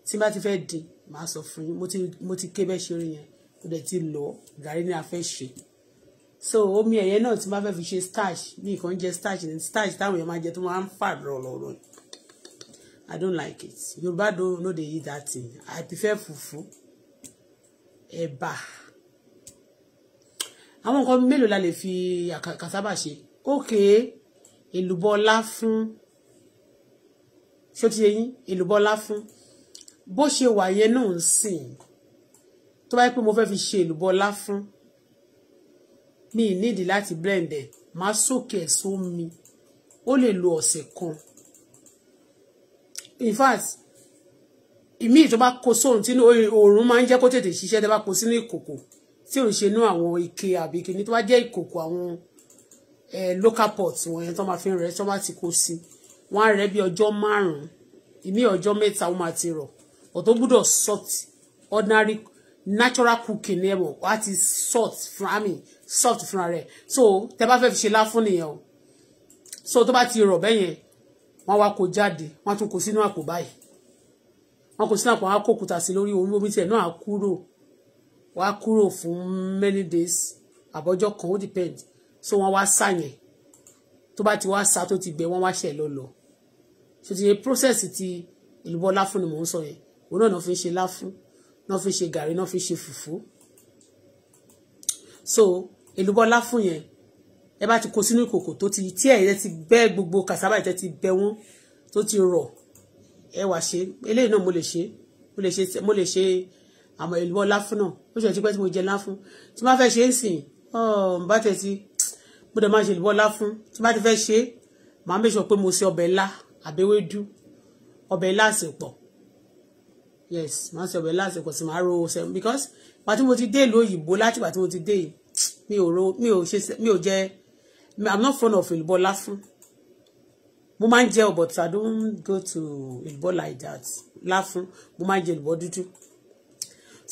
tí n bá ti fẹ́ dín màá sọ fún yín mo ti mo ti ké bẹ́ẹ̀ ṣe rí yẹn ó dẹ̀ ti lọ gàrí ni a fẹ́ ṣe so omi ẹ̀yẹ náà tí wọ́n fẹ́ fi ṣe starch ní nǹkan jẹ́ starch ní starch táwọn èèyàn máa jẹ tó máa ń fà lọ́rọ̀lọ́rọ̀ I don't like it Yorùbá don't know they eat that thing I prefer fufu ẹ̀bà àwọn nǹkan mélòó la lè fi cassava ṣe ókè èlùbọ́ ọlá fún ṣó ti yẹ yín èlùbọ́ fún bó ṣe wà yẹn náà ń sìn tó bá yẹ pé mo fẹ́ fi ṣe èlùbọ́ láfún mi ì nídìí láti blend ẹ̀ máa sókè ẹ̀ sómi ó lè lo ọ̀sẹ̀ kan in fact ìmí tó bá kó sóhun tí òòrùn máa ń jẹ́ kó tètè ṣiṣẹ́ tó bá kó sínú ìkòkò tí ò ń ṣe inú àwọn ike àbí kìíní tó bá jẹ́ ìkòkò àwọn local pot wọ̀nyẹn tó máa fi ń rẹ̀ tó bá ti kó sí wọ́n á rẹ̀ bí ọjọ́ márùn-ún ìmí ọjọ́ mẹ́ta ó máa ti rọ̀ but ó gbúdọ̀ salt ordinary natural cooking ni ẹ mọ̀ wá salt fún àmì salt fúnra rẹ̀ so tẹ bá fẹ́ fi ṣe láfún nìyẹn o so tó bá ti rọ̀ bẹ́yẹn wọ́n wá kó jáde wọ́n tún kó sínú àpò báyìí wọ́n kó sínú àpò wọ́n á kó òkúta sí lórí orí omi tiẹ̀ náà á kúrò wọ́n á kúrò fún many days àbọ̀jọ́ kan ó depend so wọ́n wá sá yẹn tó bá ti wá sá tó ti gbẹ wọ́n wá ṣẹ̀ lọ lọ so ti yẹ process ti ìlúbọ láfún ni mò ń sọ yẹn òun náà fi ṣe láfún náà fi ṣe gàrí náà fi ṣe fùfú so èlùbọ́ láfún yẹn ẹ bá ti kó sínú ìkòkò tó ti tí ẹ̀yẹ ti bẹ́ gbogbo kàsábà ìtẹ́ ti bẹ wọ́n tó ti rọ̀ ẹ wá ṣe eléyìí náà mo lè ṣe mo lè ṣe mo lè ṣe àmọ́ èlùbọ́ láfún náà ó ṣe tipẹ́ tí mo jẹ láfún tí má fẹ́ ṣe é sìn ọ́ oh, bá tẹ̀ sí mo dẹ̀ máa ṣe èlùbọ́ láfún tí má ti fẹ́ ṣe é màá mẹ́sàn pé mo ṣe ọbẹ̀ ilá àbẹ́wédú ọbẹ̀ ilá àsèpọ̀ yes màá sọ bẹ́ẹ̀ lásìkò sì máa ro ṣe because pàtí mo ti dé ìlú òyìnbó láti pàtí mo ti dé mi ò ro mi ò ṣe mi ò jẹ i'm not fond of ìlúbọ láfún mo máa ń jẹ but i don't go to ìlúbọ like that láfún mo máa ń jẹ ìlúbọ dúdú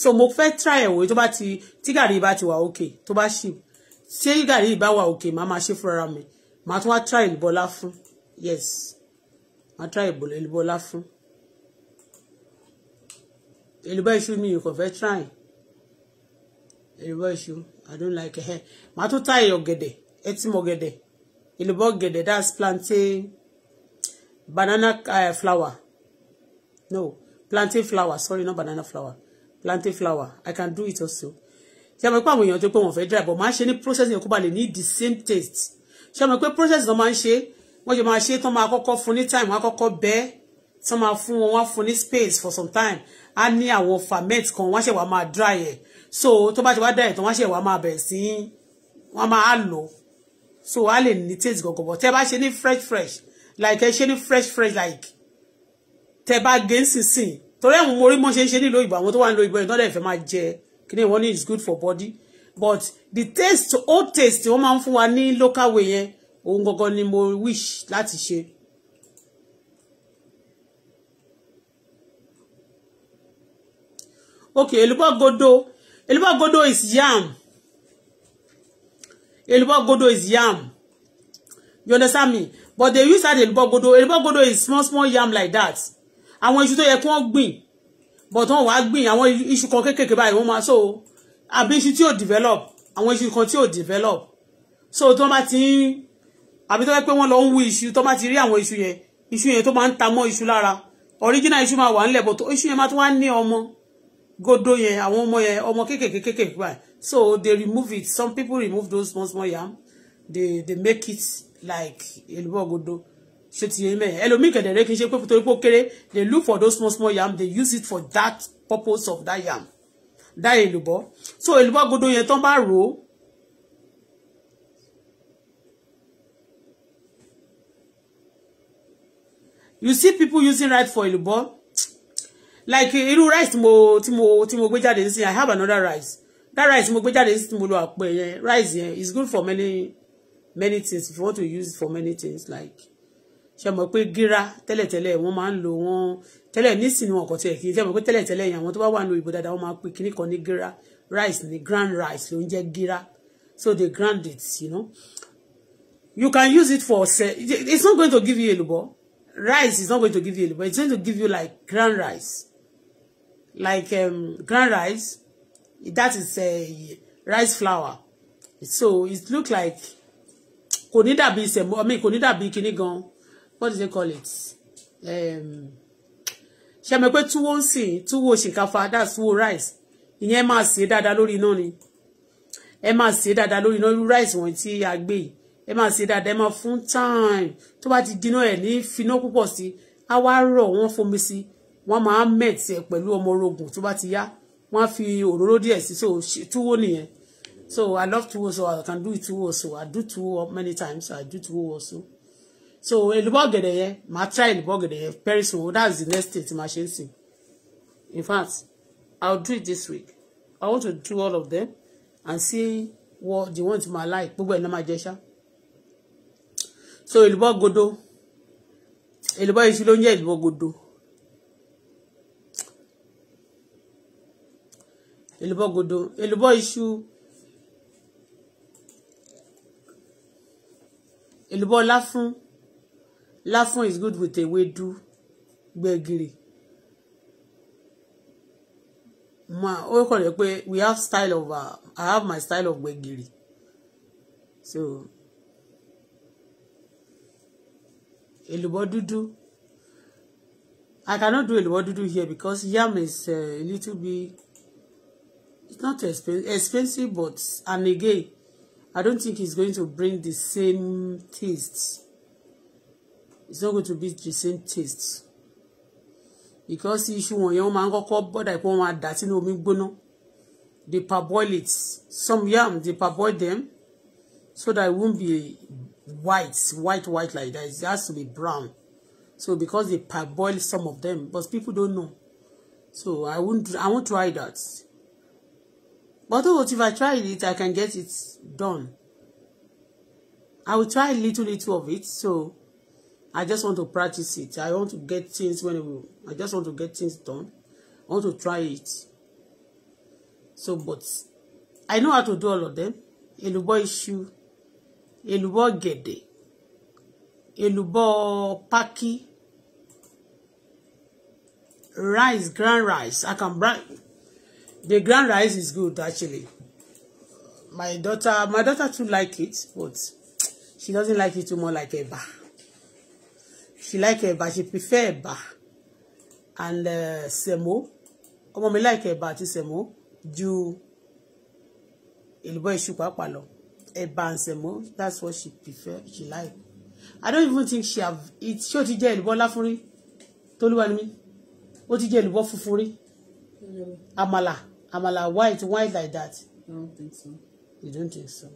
so mo fẹ́ try ẹ̀wò tó bá ti tí gàrí bá ti wà òkè tó bá ṣì ṣé gàrí bá wà òkè màá máa ṣe fúnra mi màá tún wá try ìlúbọ láfún yes màá try ìlúbọ láfún èlùbọ́ iṣu mi you fẹ́ try èlùbọ́ iṣu i don't like ẹ̀ (laughs) màá tún ta ẹ̀yọ̀ gẹ̀dẹ̀ ẹtí mọ̀ gẹ̀dẹ̀ èlùbọ́ gẹ̀dẹ̀ that's planting banana uh, eh, flower no planting flower sorry not banana flower Planting flower i can do it also ṣé mo pé àwọn èèyàn tó pé wọn fẹ́ dry but màá ṣe ní process yẹn kó ba lè ní the same taste ṣé mo pé process náà máa ń ṣe wọ́n jọ máa ṣe tán máa kọ́kọ́ fún ní time wọ́n á kọ́kọ́ bẹ́ẹ̀ tán máa fún wọn wá fún ní space for some time á ní àwọn ferment kan wọ́n ṣẹ̀ wá máa dry ẹ̀ so tó bá ti wá dry ẹ̀ tán wọ́n ṣẹ̀ wá máa bẹ̀rẹ̀ sí wọ́n máa lò so á lè ní taste gọ̀gọ̀ bọ̀ tẹ́ bá ṣe ní fresh fresh like ẹ ṣe ní fresh fresh like tẹ́ bá gé sísìn torí àwọn mo rí mọ́ ṣe ń ṣe nílò ìgbà àwọn tó wà nílò ìgbà ìtọ́ dẹ̀ fẹ́ máa jẹ kí ni wọ́n ní is good for body but the taste old taste wọ́n máa ń fún wa ní local way yẹn òun gangan ni mo wish láti ṣe. okay elubo godo elubo godo is yam elubo godo is yam you understand me but they use that elubo godo elubo godo is small small yam like that àwọn iṣu you yẹ kí wọ́n gbìn but wọ́n wá gbìn àwọn iṣu kan kékèké báyìí wọ́n máa so I iṣu tí ò develop àwọn iṣu kan continue to develop so tó I ti ń àbí tó yẹ pé wọ́n lọ ń you iṣu tó bá ti rí àwọn iṣu yẹn iṣu yẹn original you máa wà nílẹ̀ bọ̀ tó iṣu yẹn máa tún wá ní ọmọ godo yẹn àwọn ọmọ yẹn ọmọ kékèké kékèké báyìí so they remove it some people remove those small small yam they they make it like elubo godo ṣe ti yẹn mẹ́ẹ̀ ẹlòmíì kẹ̀dẹ̀rẹ́ kì í ṣe pé torí pé ó kéré they look for those small small yam they use it for that purpose of that yam that elubo so elubo godo yẹn tán bá rò ó you see people using right for elubo like irú rice mo tí mo tí mo gbé jáde nísìnyí i have another rice that rice mo gbé jáde nísìnyí mo lo àpò yẹn rice yẹn is good for many many things if you want to use it for many things like ṣe mọ̀ pé gíra tẹ́lẹ̀tẹ́lẹ̀ wọ́n máa ń lo wọ́n tẹ́lẹ̀ ni wọn kò tiẹ̀ kì í ṣe mọ̀ pé tẹ́lẹ̀tẹ́lẹ̀ yẹn àwọn tó bá wà ní òyìnbó dáadáa wọ́n máa pe kíní kan ní gíra rice ni grand rice ló ń jẹ́ gíra so they grind it you know you can use it for se it's not going to give you elubo rice is not going to give you elubo it's going to give you like grand rice like um, ground rice that is a uh, rice flour so it looks like konida be dàbí I mean konida be dàbí kinní what do they call it Um, ṣe mọ̀ pé túwó ń sìn túwó ṣìkáfà that's túwó rice In máa sè é dáadáa lórí iná ni ẹ that sè é dáadáa rice wọ̀nyí tí a gbé yìí ẹ máa sè é time To bá ti dinú ẹ̀ fino finá púpọ̀ sí i á wá rọ̀ wọ́n fomi sí wọ́n máa ń mẹ̀tì ẹ̀ pẹ̀lú ọmọ orogùn tó bá ti yá wọ́n á fi òróró díẹ̀ sí so túwó nìyẹn so I love túwó so I can do túwó so I do túwó many times so I do túwó also so èlùbọ́ ọ̀gẹ̀dẹ̀ yẹn màá try èlùbọ́ ọ̀gẹ̀dẹ̀ yẹn very soon that's the next thing tí màá ṣe in fact I'll do it this week I want to do all of them and see what the ones tí like gbogbo ẹ̀ náà máa jẹ ṣá so èlùbọ́ godo èlùbọ́ yìí ló ń jẹ́ èlùbọ́ godo èlùbọ́ gòdó èlùbọ́ iṣu èlùbọ́ lafun, lafun is good with ewédú gbẹ̀gìrì ma ó kọ̀ rẹ̀ pé we have style of uh, I have my style of gbẹ̀gìrì so èlùbọ́ dúdú I cannot do èlùbọ́ dúdú here because yam is uh, a little bit it's not expensive expensive but and again I don't think it's going to bring the same taste it's not going to be the same taste because iṣu wọ̀nyẹn wọ́n máa ń kọ́kọ́ bọ́dà ìpọ́n wọn àdá sínú omi gbóná they parboil it some yam they parboil them so that it won't be white white white like that it has to be brown so because they parboil some of them but people don't know so I won't I won't try that But oh, if I try it, I can get it done. I will try little, little of it. So I just want to practice it. I want to get things when I just want to get things done. I want to try it. So, but I know how to do all of them. issue, Èlùbọ́ iṣu, gede, gẹ̀dẹ̀, èlùbọ́ paki rice, ground rice. I can bring. The ground rice is good actually. My daughter, my daughter too like it, but she doesn't like it too much like Eba. She like Eba, she prefer Eba and uh, Semo. Ọmọ mi like Eba àti Semo ju èlùbọ́ iṣu pàápàá lọ. Eba and Semo, that's what she prefer, she like. I don't even think she have it. Ṣé o ti jẹ èlùbọ́ láfúnrí? Tolúwa ni mí. O ti jẹ èlùbọ́ funfun rí. Mm -hmm. Amala white, white like that. I don't think so. You don't think so?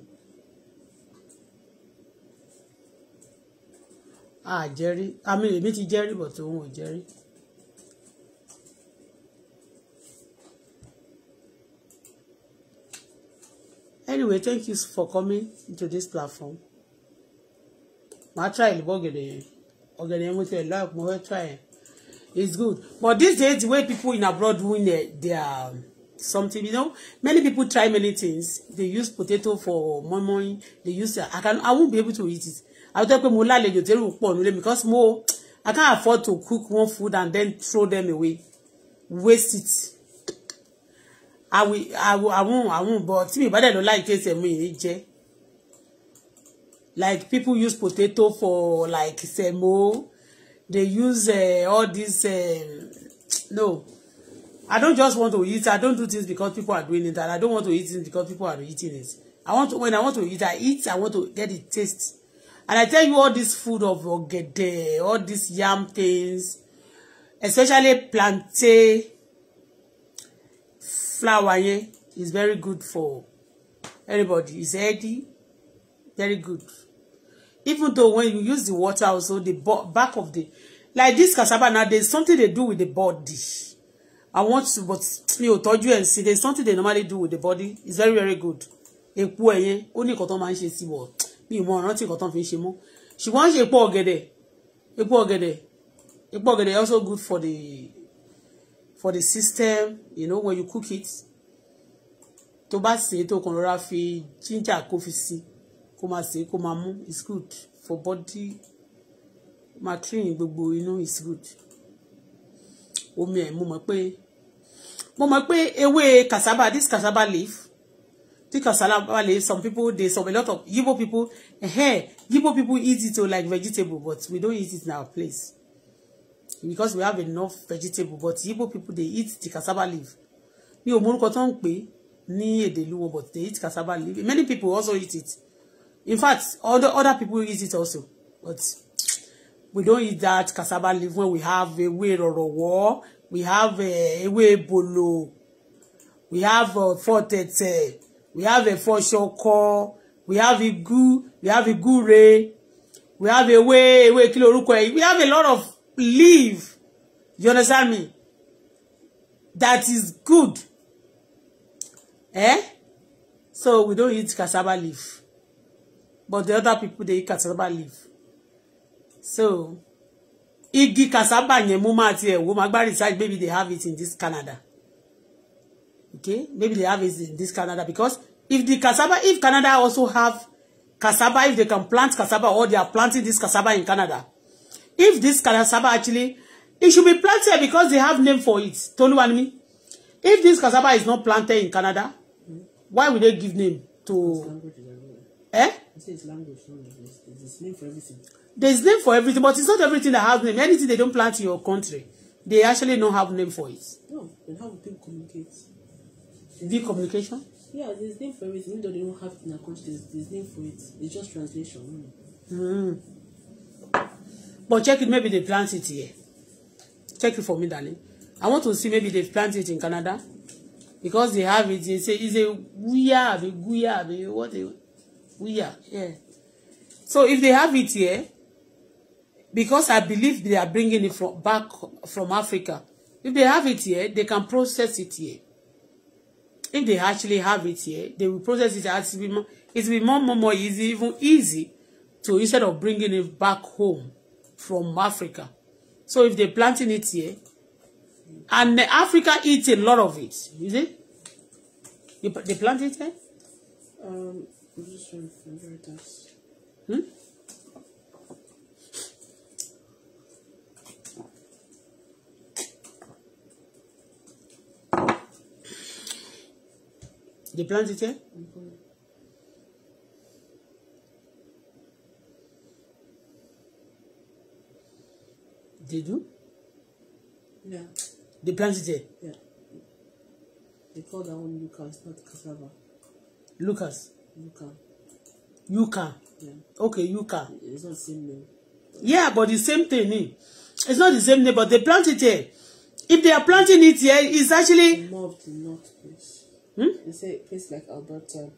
Ah, Jerry. I mean, èmi ti Jerry, but òun ò Jerry. Anyway, thank you for coming to this platform. Màá try ìlú ọ̀gẹ̀dẹ̀ yẹn. Ọ̀gẹ̀dẹ̀ yẹn mo ti ẹ̀ mo fẹ́ try ẹ̀. It's good. But these days, the way people in abroad win their, their um, something you know many people try many things they use potato for moimoi. they use i can i won't be able to eat it i tell pe mo lálejò tẹ́rù pọ̀ nílé because mo i can't afford to cook one food and then throw them away waste it i will i will i won't i won't but tí mi bá dẹ̀ lọ láì kéésì ẹ̀mú yìí jẹ́ like people use potato for like semo they use uh, all this uh, no I don't just want to eat. I don't do things because people are doing it, and I don't want to eat it because people are eating it. I want to, when I want to eat, I eat. I want to get the taste. And I tell you all this food of ogede, all these yam things, especially plantain flour yen is very good for everybody. It's healthy, very good. Even though when you use the water also, the back of the, like this cassava now, there's something they do with the body. I want to but mi ò tọ́jú ẹ̀ sí there's something they normally do with the body it's very very good Epo ẹ̀yẹn ó ní nǹkan tó máa ń ṣe sí wọ̀ mi ìmọ̀ ọ̀rántí nǹkan tó fi ń ṣe mọ́ ṣùgbọ́n ṣe èpo ọ̀gẹ̀dẹ̀ èpo ọ̀gẹ̀dẹ̀ èpo ọ̀gẹ̀dẹ̀ also good for the for the system you know when you cook it tó bá sè é tó kàn rọra fi ginger kó fi sí kó máa sè é kó máa it's good for body matrin gbogbo inú is good omi ẹ̀ mo mọ̀ mo mọ̀ pé ewé cassava this cassava leaf this cassava leaf some people dey some a lot of Igbo people eh, Igbo people eat it o like vegetable but we don't eat it in our place because we have enough vegetable but Igbo people dey eat the cassava leaf mi ò mórúkọ tó ń pè ní èdè ìlú but they eat cassava leaf many people also eat it in fact other other people eat it also but we don't eat that cassava leaf when we have ewé rọ̀rọ̀wọ́ we have uh, ewé bolo we have uh, eh, ẹ̀fọ́ we have ẹ̀fọ́ ṣọkọ we have igu we have igure we have ewé ewé kí lorúkọ ẹ̀ we have a lot of leaf you understand me that is good eh so we don't eat cassava leaf but the other people they eat cassava leaf so igi cassava yẹn mo máa ti ẹ̀wọ́ máa gbá research maybe they have it in this Canada okay maybe they have it in this Canada because if the cassava if Canada also have cassava if they can plant cassava or they are planting this cassava in Canada if this cassava actually it should be planted because they have name for it Toluwanimi if this cassava is not planted in Canada why would they give name to eh? It's language, eh? no, it's, it's name for everything. There's name for everything, but it's not everything that has name. Anything they don't plant in your country, they actually don't have name for it. No, then how would people communicate? The communication? Yeah, there's name for everything. Even though they don't have it in their country, there's, there's name for it. It's just translation. Mm. But check it, maybe they plant it here. Check it for me, darling. I want to see maybe they've planted it in Canada because they have it. They say it's a guya, a guya, what a guya. Yeah. So if they have it here, because I believe they are bringing it from back from Africa. If they have it here, they can process it here. If they actually have it here, they will process it as it will be more, more, more easy, even easy to instead of bringing it back home from Africa. So if they're planting it here, and Africa eats a lot of it, you see? They, they plant it here? Um, I'm just trying to figure it out. Hmm? They plant it here? They do? Yeah. They plant it here? Yeah. They call that one Lucas, not cassava. Lucas? Yuka. Yuka? Yeah. Okay, Yuka. It's not the same name. Yeah, but the same thing. Eh? It's not the same name, but they plant it here. If they are planting it here, it's actually... More of the north place. They say it tastes like Alberta.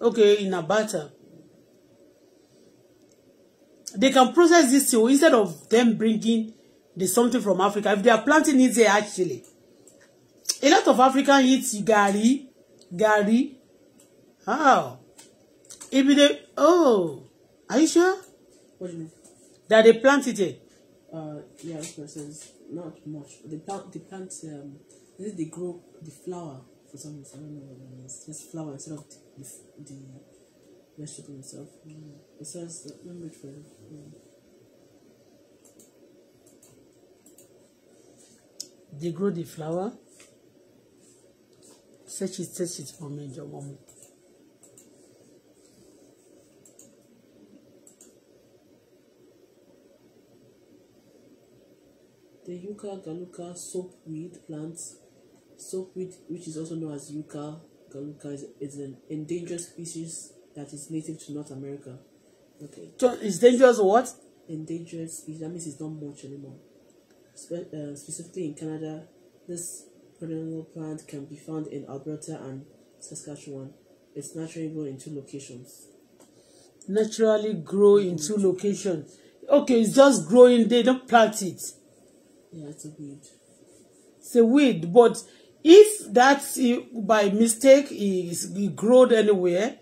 Okay, in Alberta. They can process this too instead of them bringing the something from Africa. If they are planting it there, actually, a lot of African eats gari, gari. How? If they oh, are you sure? What do you mean? That they plant it. Uh, yeah, this person not much. They plant, they plant. Um, this they grow the flower for some reason. I don't know what it is. Just flour instead of the, the, the vegetable itself. Mm. It says, let me wait Mm. They grow the flower. Search it, search it for me, your mom. The yucca galuca soapweed plants Soapweed, which is also known as yucca galuca, is, is an endangered species that is native to North America. Okay. So it's dangerous what? Endangered species. That means it's not much anymore. Spe uh, specifically in Canada, this perennial plant can be found in Alberta and Saskatchewan. It's naturally grown in two locations. Naturally grow in mm-hmm. two locations. Okay, it's just growing. They don't plant it. Yeah, it's a weed. It's a weed, but if that by mistake is he growed anywhere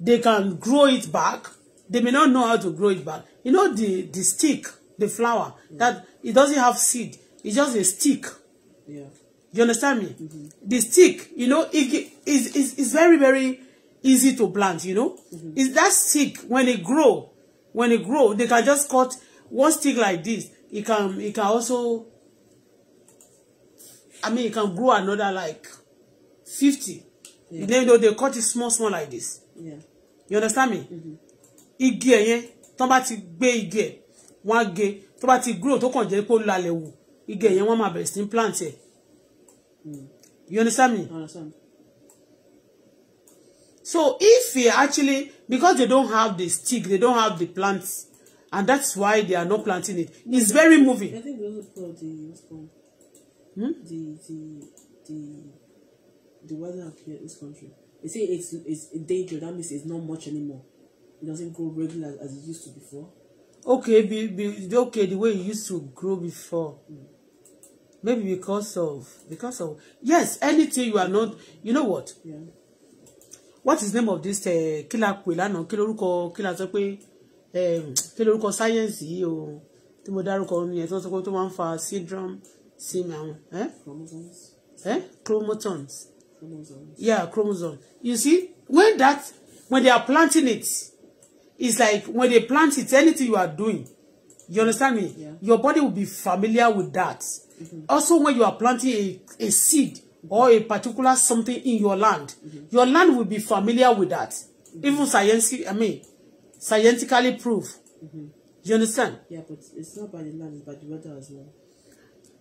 they can grow it back they may not know how to grow it back you know the the stick the flower that it doesn't have seed it's just a stick yeah you understand me mm -hmm. the stick you know it is is is very very easy to plant you know mm -hmm. is that stick when it grow when it grow they can just cut one stick like this it can it can also I mean, you can grow another like 50. Yeah. Then they, they cut it small, small like this. Yeah. You understand me? Mm-hmm. Igi ẹ̀yẹn, tó ti gbé igi ẹ̀, ge toba ti grow tó kàn jẹ́ pé ó lalẹ̀ wù, igi ẹ̀yẹn wọ́n máa bẹ̀rẹ̀ sí plant ẹ̀. Mm. You understand me? understand. So if he actually, because they don't have the stick, they don't have the plants, and that's why they are not planting it. It's very moving. I think they put the hmm? the the the the weather up here in this country. They say it's it's in danger. That means it's not much anymore. It doesn't grow regular as it used to before. Okay, be, be okay the way it used to grow before. Mm. Maybe because of because of yes, anything you are not you know what? Yeah. What is the name of this uh eh, kila kwelana kí lorúkọ kila sọ pé um kí lorúkọ science yìí o tí mo dárúkọ syndrome See my own, eh? chromosomes. Eh? chromosomes. chromosomes. Yeah, chromosome. You see, when that, when they are planting it, it's like when they plant it, anything you are doing, you understand me? Yeah. Your body will be familiar with that. Mm-hmm. Also, when you are planting a, a seed mm-hmm. or a particular something in your land, mm-hmm. your land will be familiar with that. Mm-hmm. Even science, I mean, scientifically proof. Mm-hmm. You understand? Yeah, but it's not by the land, it's by the weather as well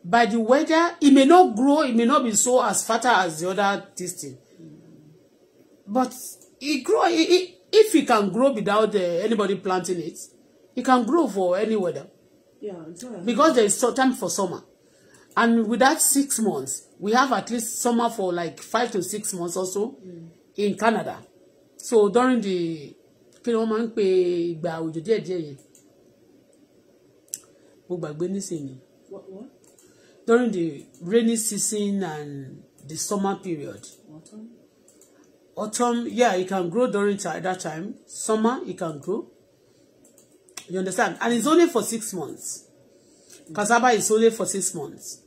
by the weather it may not grow it may not be so as fat as the other this thing but it grow it, it, if it can grow without uh, anybody planting it it can grow for any weather yeah, exactly. because there is so time for summer and with that six months we have at least summer for like five to six months or so mm. in Canada so during the kí ni wọ́n máa ń What, what? during the rainy season and the summer period. Autumn. Autumn, yeah, it can grow during that time. Summer, it can grow. You understand? And it's only for six months. Mm. Cassava is only for six months.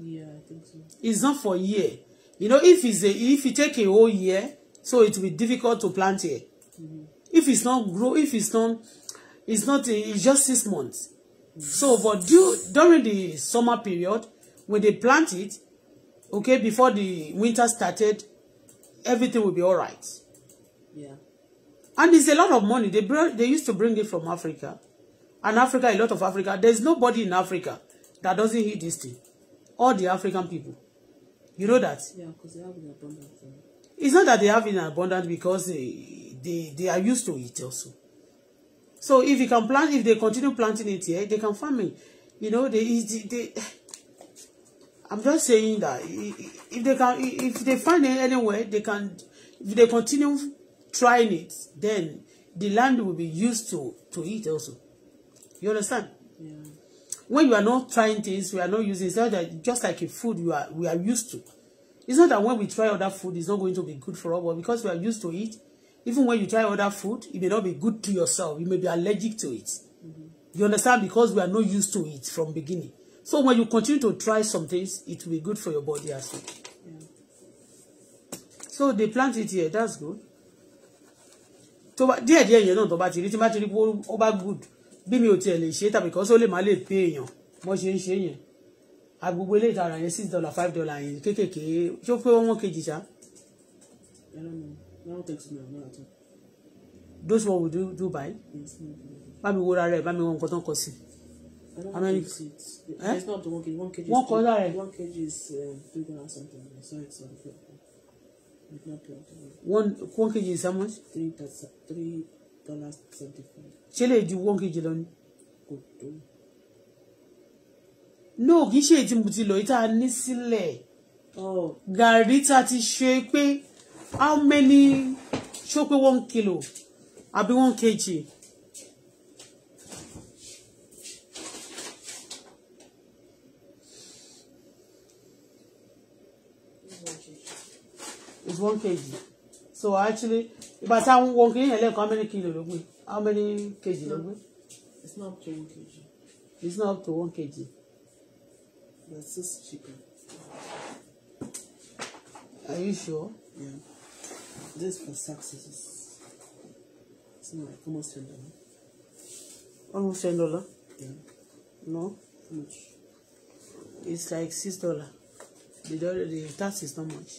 Yeah, I think so. It's not for a year. You know, if it's a, if you take a whole year, so it will be difficult to plant here. Mm-hmm. If it's not grow, if it's not, it's not, a, it's just six months. So, but due, during the summer period, when they plant it, okay, before the winter started, everything will be all right. Yeah. And it's a lot of money. They bring, they used to bring it from Africa. And Africa, a lot of Africa. There's nobody in Africa that doesn't eat this thing. All the African people. You know that? Yeah, because they have an abundance. It's not that they have an abundance because they, eh, they, they are used to it also. So if you can plant, if they continue planting it here, they can farm it. You know, they, they, they I'm just saying that if they can, if they find it anywhere, they can, if they continue trying it, then the land will be used to, to eat also. You understand? Yeah. When you are not trying things, we are not using, it's not that just like a food you are, we are used to. It's not that when we try other food, it's not going to be good for us, but because we are used to it, even when you try other food it may not be good to yourself you may be allergic to it mm-hmm. you understand because we are not used to it from beginning so when you continue to try some things it will be good for your body as well yeah. so they plant it here that's good tó bá díẹ̀ díẹ̀ yẹn náà tó bá ti rí tí bá ti rí ó bá good bí mi ò tiẹ̀ lè ṣe tàbí kan só lè má lè pé èèyàn mo ṣe ń ṣe yẹn agbègbè ilé ìtara yẹn six dollar five dollar yẹn kéékèèké ṣó pé wọ́n kejì ṣá. No text me, I'm not at all. Those one will do Dubai. Yes, no. Bámi wo rárẹ̀, bámi wo nǹkan tó ń kọ sí. I don't know if Eh? It's not one kg. One kg is... One kg is uh, two grand something. So it's One, one kg is how much? Three, three dollars seventy-five. Ṣé lè ju one kg lọ ni? Kò tó. No, kì í ṣe èyí tí mo ti lọ, yìí tá a ní sílẹ̀. Oh. Gàrí tá a ti ṣe pé how many ṣó pé one kilo àbí one kg. It's one kg. So actually, if I say one kg yẹn lẹ́ẹ̀kan how many kilo ló gbé? How many kg ló gbé? It's not up to one kg. It's not up to one kg. That's just chicken. Are you sure? Yeah. This for successes. It's not like almost ten dollar. Almost ten dollar? Yeah. No? How much? It's like six dollar. The dollar the tax is not much.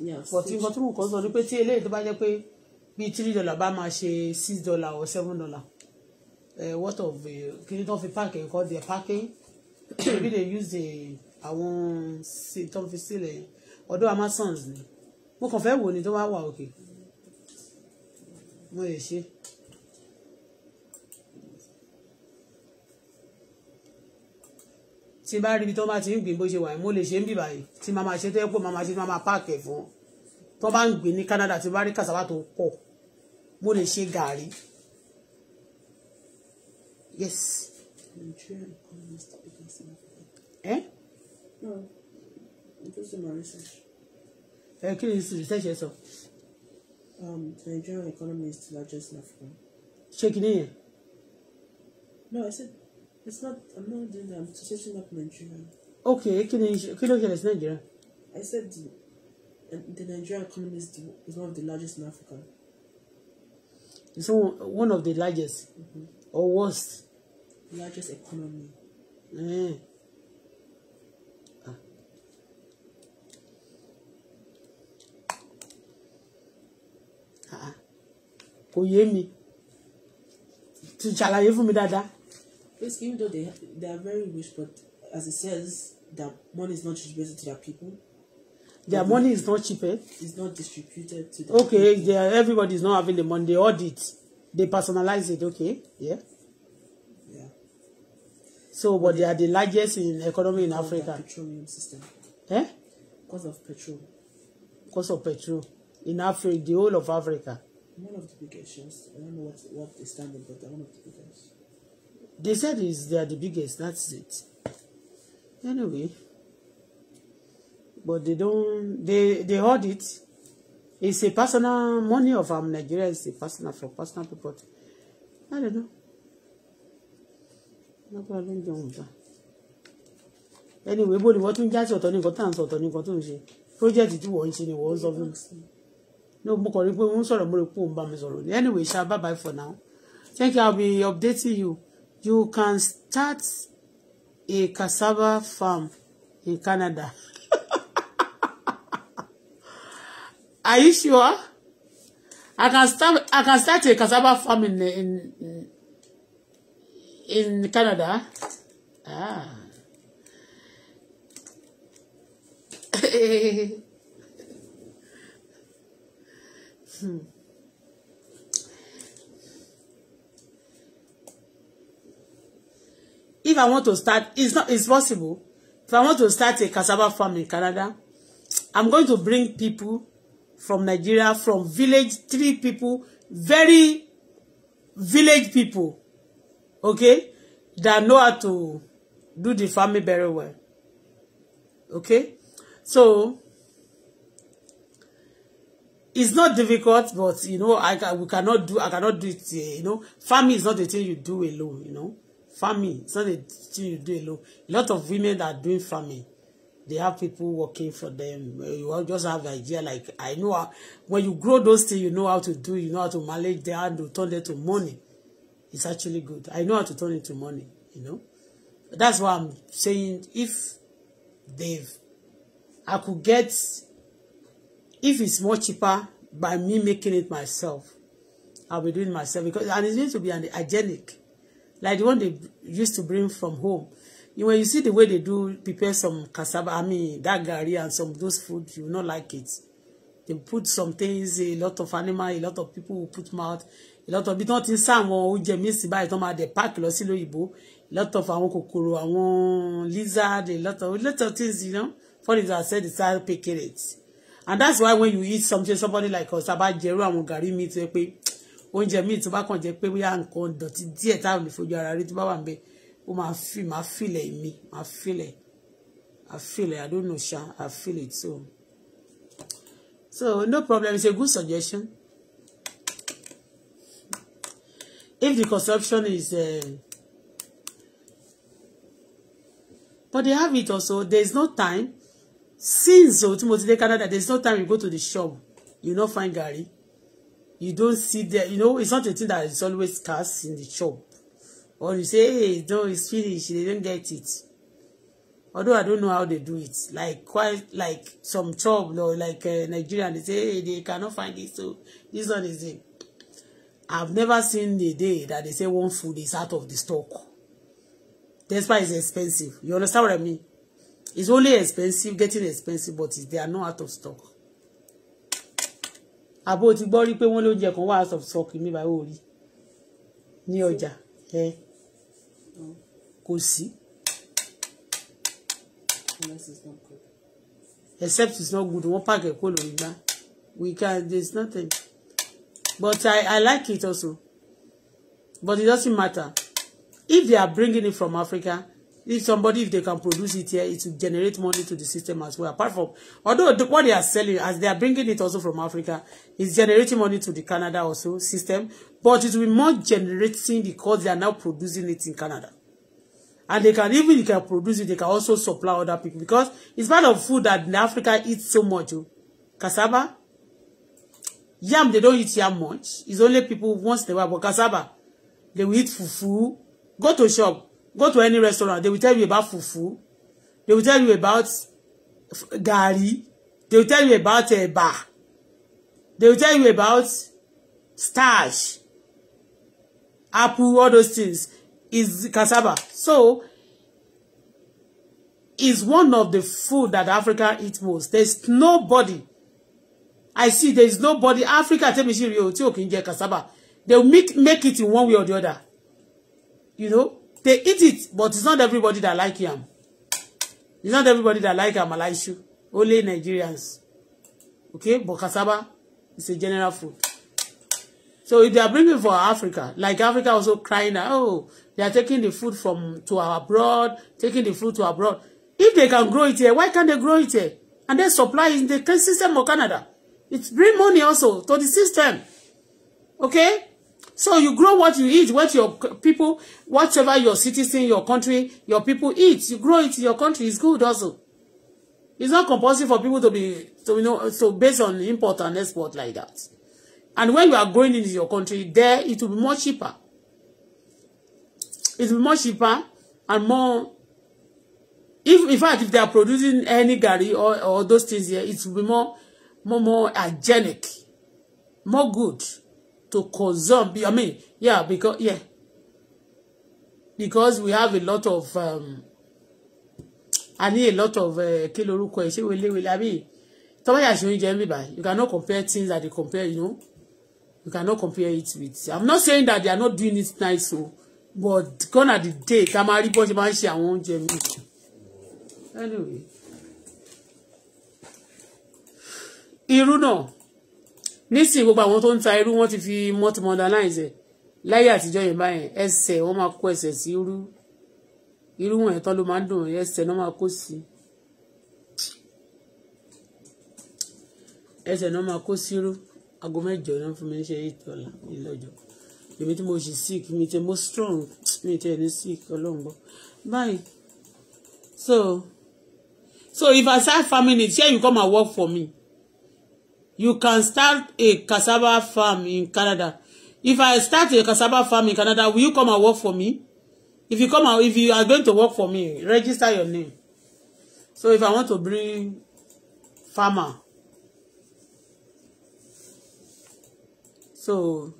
Yeah. Fourteen fourteen mo kàn sọ ni pé tí eléyìí tó bá jẹ́ pé bíi three dollar bá máa ṣe six dollar or seven dollar. Uh, what of kí ni tó fi pack nǹkan the packing? Maybe they use the àwọn tó fi sílẹ̀ Although Amazons mo kàn fẹ́ wò ni tó wá wà òkè mo lè ṣe. tí n bá rí ibi tó bá ti ń gbìn bó ṣe wà yìí mo lè ṣe ń bì báyìí tí màmá ṣe tó yẹ pé màmá ṣe tí màmá páàkì ẹ̀ fún tó bá ń gbìn ní Canada tí n bá rí cassava tó pọ̀ mo lè ṣe gàrí. yes. Eh? No, I'm just doing my research ẹ kí ni research Um, the Nigerian economy is the largest in Africa. ṣé kí ni no I said it's not I'm not doing that I'm searching up Nigeria. okay kí ni kí ló ṣẹlẹ̀ Nigeria. I said the, um, the Nigerian economy is, the, is one of the largest in Africa. so one of the largest mm-hmm. or worst. Largest economy. Mm. kò yé mi ti ṣàlàyé fún mi dáadáa. basically even though they, they are very rich but as it says their money is not distributed to their people. their money is not cheap, eh? it's not distributed to their okay, people. okay everybody is not having the money they audit they personalize it okay yeah. yeah. so but they are the largest in economy in because Africa. petroleum system. Eh? because of petrol. because of petrol in Africa the whole of Africa one of the biggest shows. I don't know what what is standing, but one of the biggest. They said is they are the biggest. That's it. Anyway, but they don't. They they hold it. It's a personal money of um, Nigeria. It's a personal for personal people. I don't know. No problem, John. Anyway, bó what wọ́n tún já sí ọ̀tọ̀ ní nǹkan tá à ń sọ ọ̀tọ̀ ní nǹkan tó ń ṣe. Project tí wọ́n ń ṣe ni wọ́n ń sọ no mo kàn rí pé òun sọ̀rọ̀ mo rò pé òun bá mi sọ̀rọ̀ ní anyway ṣá bye bye for now thank you i'll be updating you you can start a cassava farm in Canada (laughs) are you sure i can start i can start a cassava farm in in in Canada ah. (laughs) Hmm. If I want to start, it's not, it's possible. If I want to start a cassava farm in Canada, I'm going to bring people from Nigeria, from village, three people, very village people, okay, that know how to do the farming very well. Okay? So, it's not difficult but you know I can, we cannot do I cannot do it you know farming is not the thing you do alone you know farming is not the thing you do alone a lot of women are doing farming they have people working for them you just have idea like I know how, when you grow those things you know how to do you know how to manage them and to turn them to money it's actually good I know how to turn it to money you know that's why I'm saying if Dave, I could get if it's more cheaper by me making it myself I'll be doing myself because and it's going to be an hygienic like the one they used to bring from home you when you see the way they do prepare some cassava I mean that garri and some of those food you not like it they put some things a lot of animal a lot of people will put mouth a lot of bí wọ́n ti ń sá àwọn oúnjẹ míì sí báyìí tó máa dẹ̀ páàkì a lot of àwọn kòkòrò àwọn lizard a lot of a lot of things you know for example I said it's all picking it and that's why when you eat something somebody like us about jẹrú àwọn gàrí mi tó yẹ pé oúnjẹ míì tó bá kàn jẹ pé bóyá nǹkan dọ̀tí díẹ̀ táwọn ò ní fojú ara rí tó bá wà níbẹ̀ ó máa fi máa fìlẹ̀ mi máa fìlẹ̀ I feel it I don't know sha I feel it so so no problem it's a good suggestion if the consumption is. Uh, but they have it also there is no time since o tí mo ti dé Canada there no time you go to the shop you no find garri you don't see there you know it's not a thing that is always cast in the shop or you say hey no it's finished, they don get it although i don't know how they do it like quite like some shop or like uh, Nigeria they say hey they cannot find it so this one is it i've never seen the day that they say one food is out of the stock despite it's expensive you understand what i mean It's only expensive, getting expensive, but they are not out of stock. Àbó ti gbọ́ rí pé wọ́n lóúnjẹ kan wá out of stock mi báyìí ò rí ní ọjà ẹ kò sí. Except it's not good, wọ́n pààkì ẹ̀kọ́ lórí gbá. We can, there's nothing. But I, I like it also. But it doesn't matter. If they are bringing it from Africa, if somebody if they can produce it here it will generate money to the system as well apart from although the, what they are selling as they are bringing it also from Africa is generating money to the Canada also system but it will be more generating because they are now producing it in Canada and they can even they can produce it they can also supply other people because it's part of food that Africa eats so much oh. cassava yam they don't eat yam much it's only people once in a while but cassava they will eat fufu go to shop Go to any restaurant, they will tell you about fufu. They will tell you about gari. They will tell you about eba. They will tell you about starch, apple, all those things. Is cassava. So, is one of the food that Africa eat most. There's nobody. I see there's nobody. Africa, tell me, she, you, oh, tí ò kì cassava. They'll make, make it in one way or the other. You know? they eat it but it's not everybody that like yam it's not everybody that like amala iṣu only Nigerians okay but cassava is a general food so if they are bringing for Africa like Africa also crying that oh they are taking the food from to abroad taking the food to abroad if they can grow it here why can't they grow it here and then supply in the system of Canada it bring money also to the system okay So you grow what you eat, what your people, whatever your citizen, your country, your people eat. You grow it in your country. It's good also. It's not compulsory for people to be, so you know, so based on import and export like that. And when you are going into your country, there it will be more cheaper. It will be more cheaper and more. If in fact, if they are producing any gari or, or those things here, it will be more, more, more hygienic, more good to consume. I mean, yeah, because yeah, because we have a lot of um, I need a lot of uh, kí lorúkọ ẹ ṣé welewele àbí tọ́mọ̀yà ṣe oúnjẹ ń bíbá you cannot compare things that they compare you know you cannot compare it with I'm not saying that they are not doing it nice o oh, but gone are the day tá a máa rí bó ṣe máa ń ṣe àwọn oúnjẹ mi anyway irú náà nísìnyí gbogbo àwọn tó ń ta irú wọn ti fi multi modernize ẹ láyé àtijọ́ yẹn báyẹn ẹsẹ̀ wọ́n máa kó ẹsẹ̀ sí irú irú wọn ẹ̀tọ́ ló máa ń dùn ẹsẹ̀ náà máa kó sí ẹsẹ̀ náà máa kó sí irú aago mẹ́jọ náà fún mi ṣe ètò ọ̀la ìlọ́jọ́ èmi tí mo ṣì sick mi tí mo strong mi tí ẹni sick ọlọ́run gbọ́ báyìí so so if I start family shey you come and work for me you can start a cassava farm in Canada if I start a cassava farm in Canada will you come and work for me if you come and if you are going to work for me register your name so if I want to bring farmer so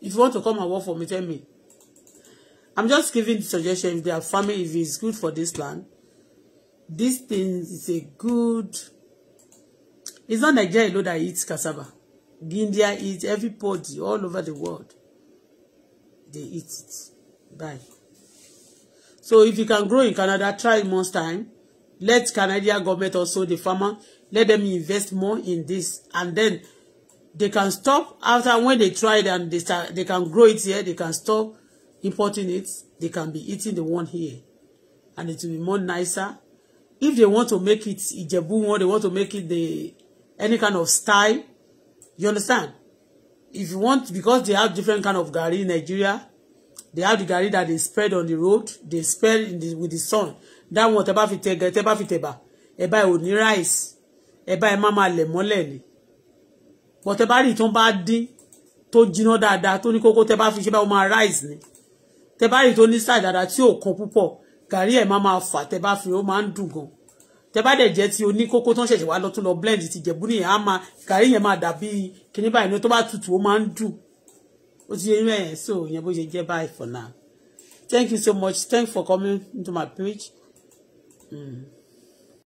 if you want to come and work for me tell me I'm just giving the suggestion if they are farming if it's good for this land this thing is a good It's not Nigeria alone that eats cassava. India eats, everybody all over the world. They eat it. Bye. So if you can grow in Canada, try most time. Let Canadian government also, the farmer, let them invest more in this. And then they can stop after when they try it and they start, they can grow it here, they can stop importing it. They can be eating the one here. And it will be more nicer. If they want to make it Ijebu one, they want to make it the any kind of style you understand if you want because they have different kind of garri in Nigeria they have the garri that they spread on the road they spread in the, with the sun that one tẹ́ bá fi tẹ tẹ́ bá fi tẹ̀bà ẹ̀bà ẹ̀ ò rice ẹ̀bà ẹ̀ má máa lẹ̀ mọ́lẹ̀ ni but tẹ́ bá rí tó ń bá dín tó jiná dáadáa tó ní kókó fi ṣe bá rice ni tẹ́ bá rí tó ní style dáadáa tí ò kan púpọ̀ gàrí ẹ̀ má máa fà tẹ́ bá fi ó máa tẹ́ dẹ̀ jẹ́ ti oníkókó tán ṣẹ̀ṣẹ̀ wá lọ tún lọ blend ti jẹ̀bú nìyẹn á máa yẹn máa dàbí kíní báyìí ní tó bá tutù ó máa ń dùn ó ti yẹ yín mẹ́rin so ìyẹn bó ṣe jẹ́ báyìí for now thank you so much thank you for coming into my page. Mm.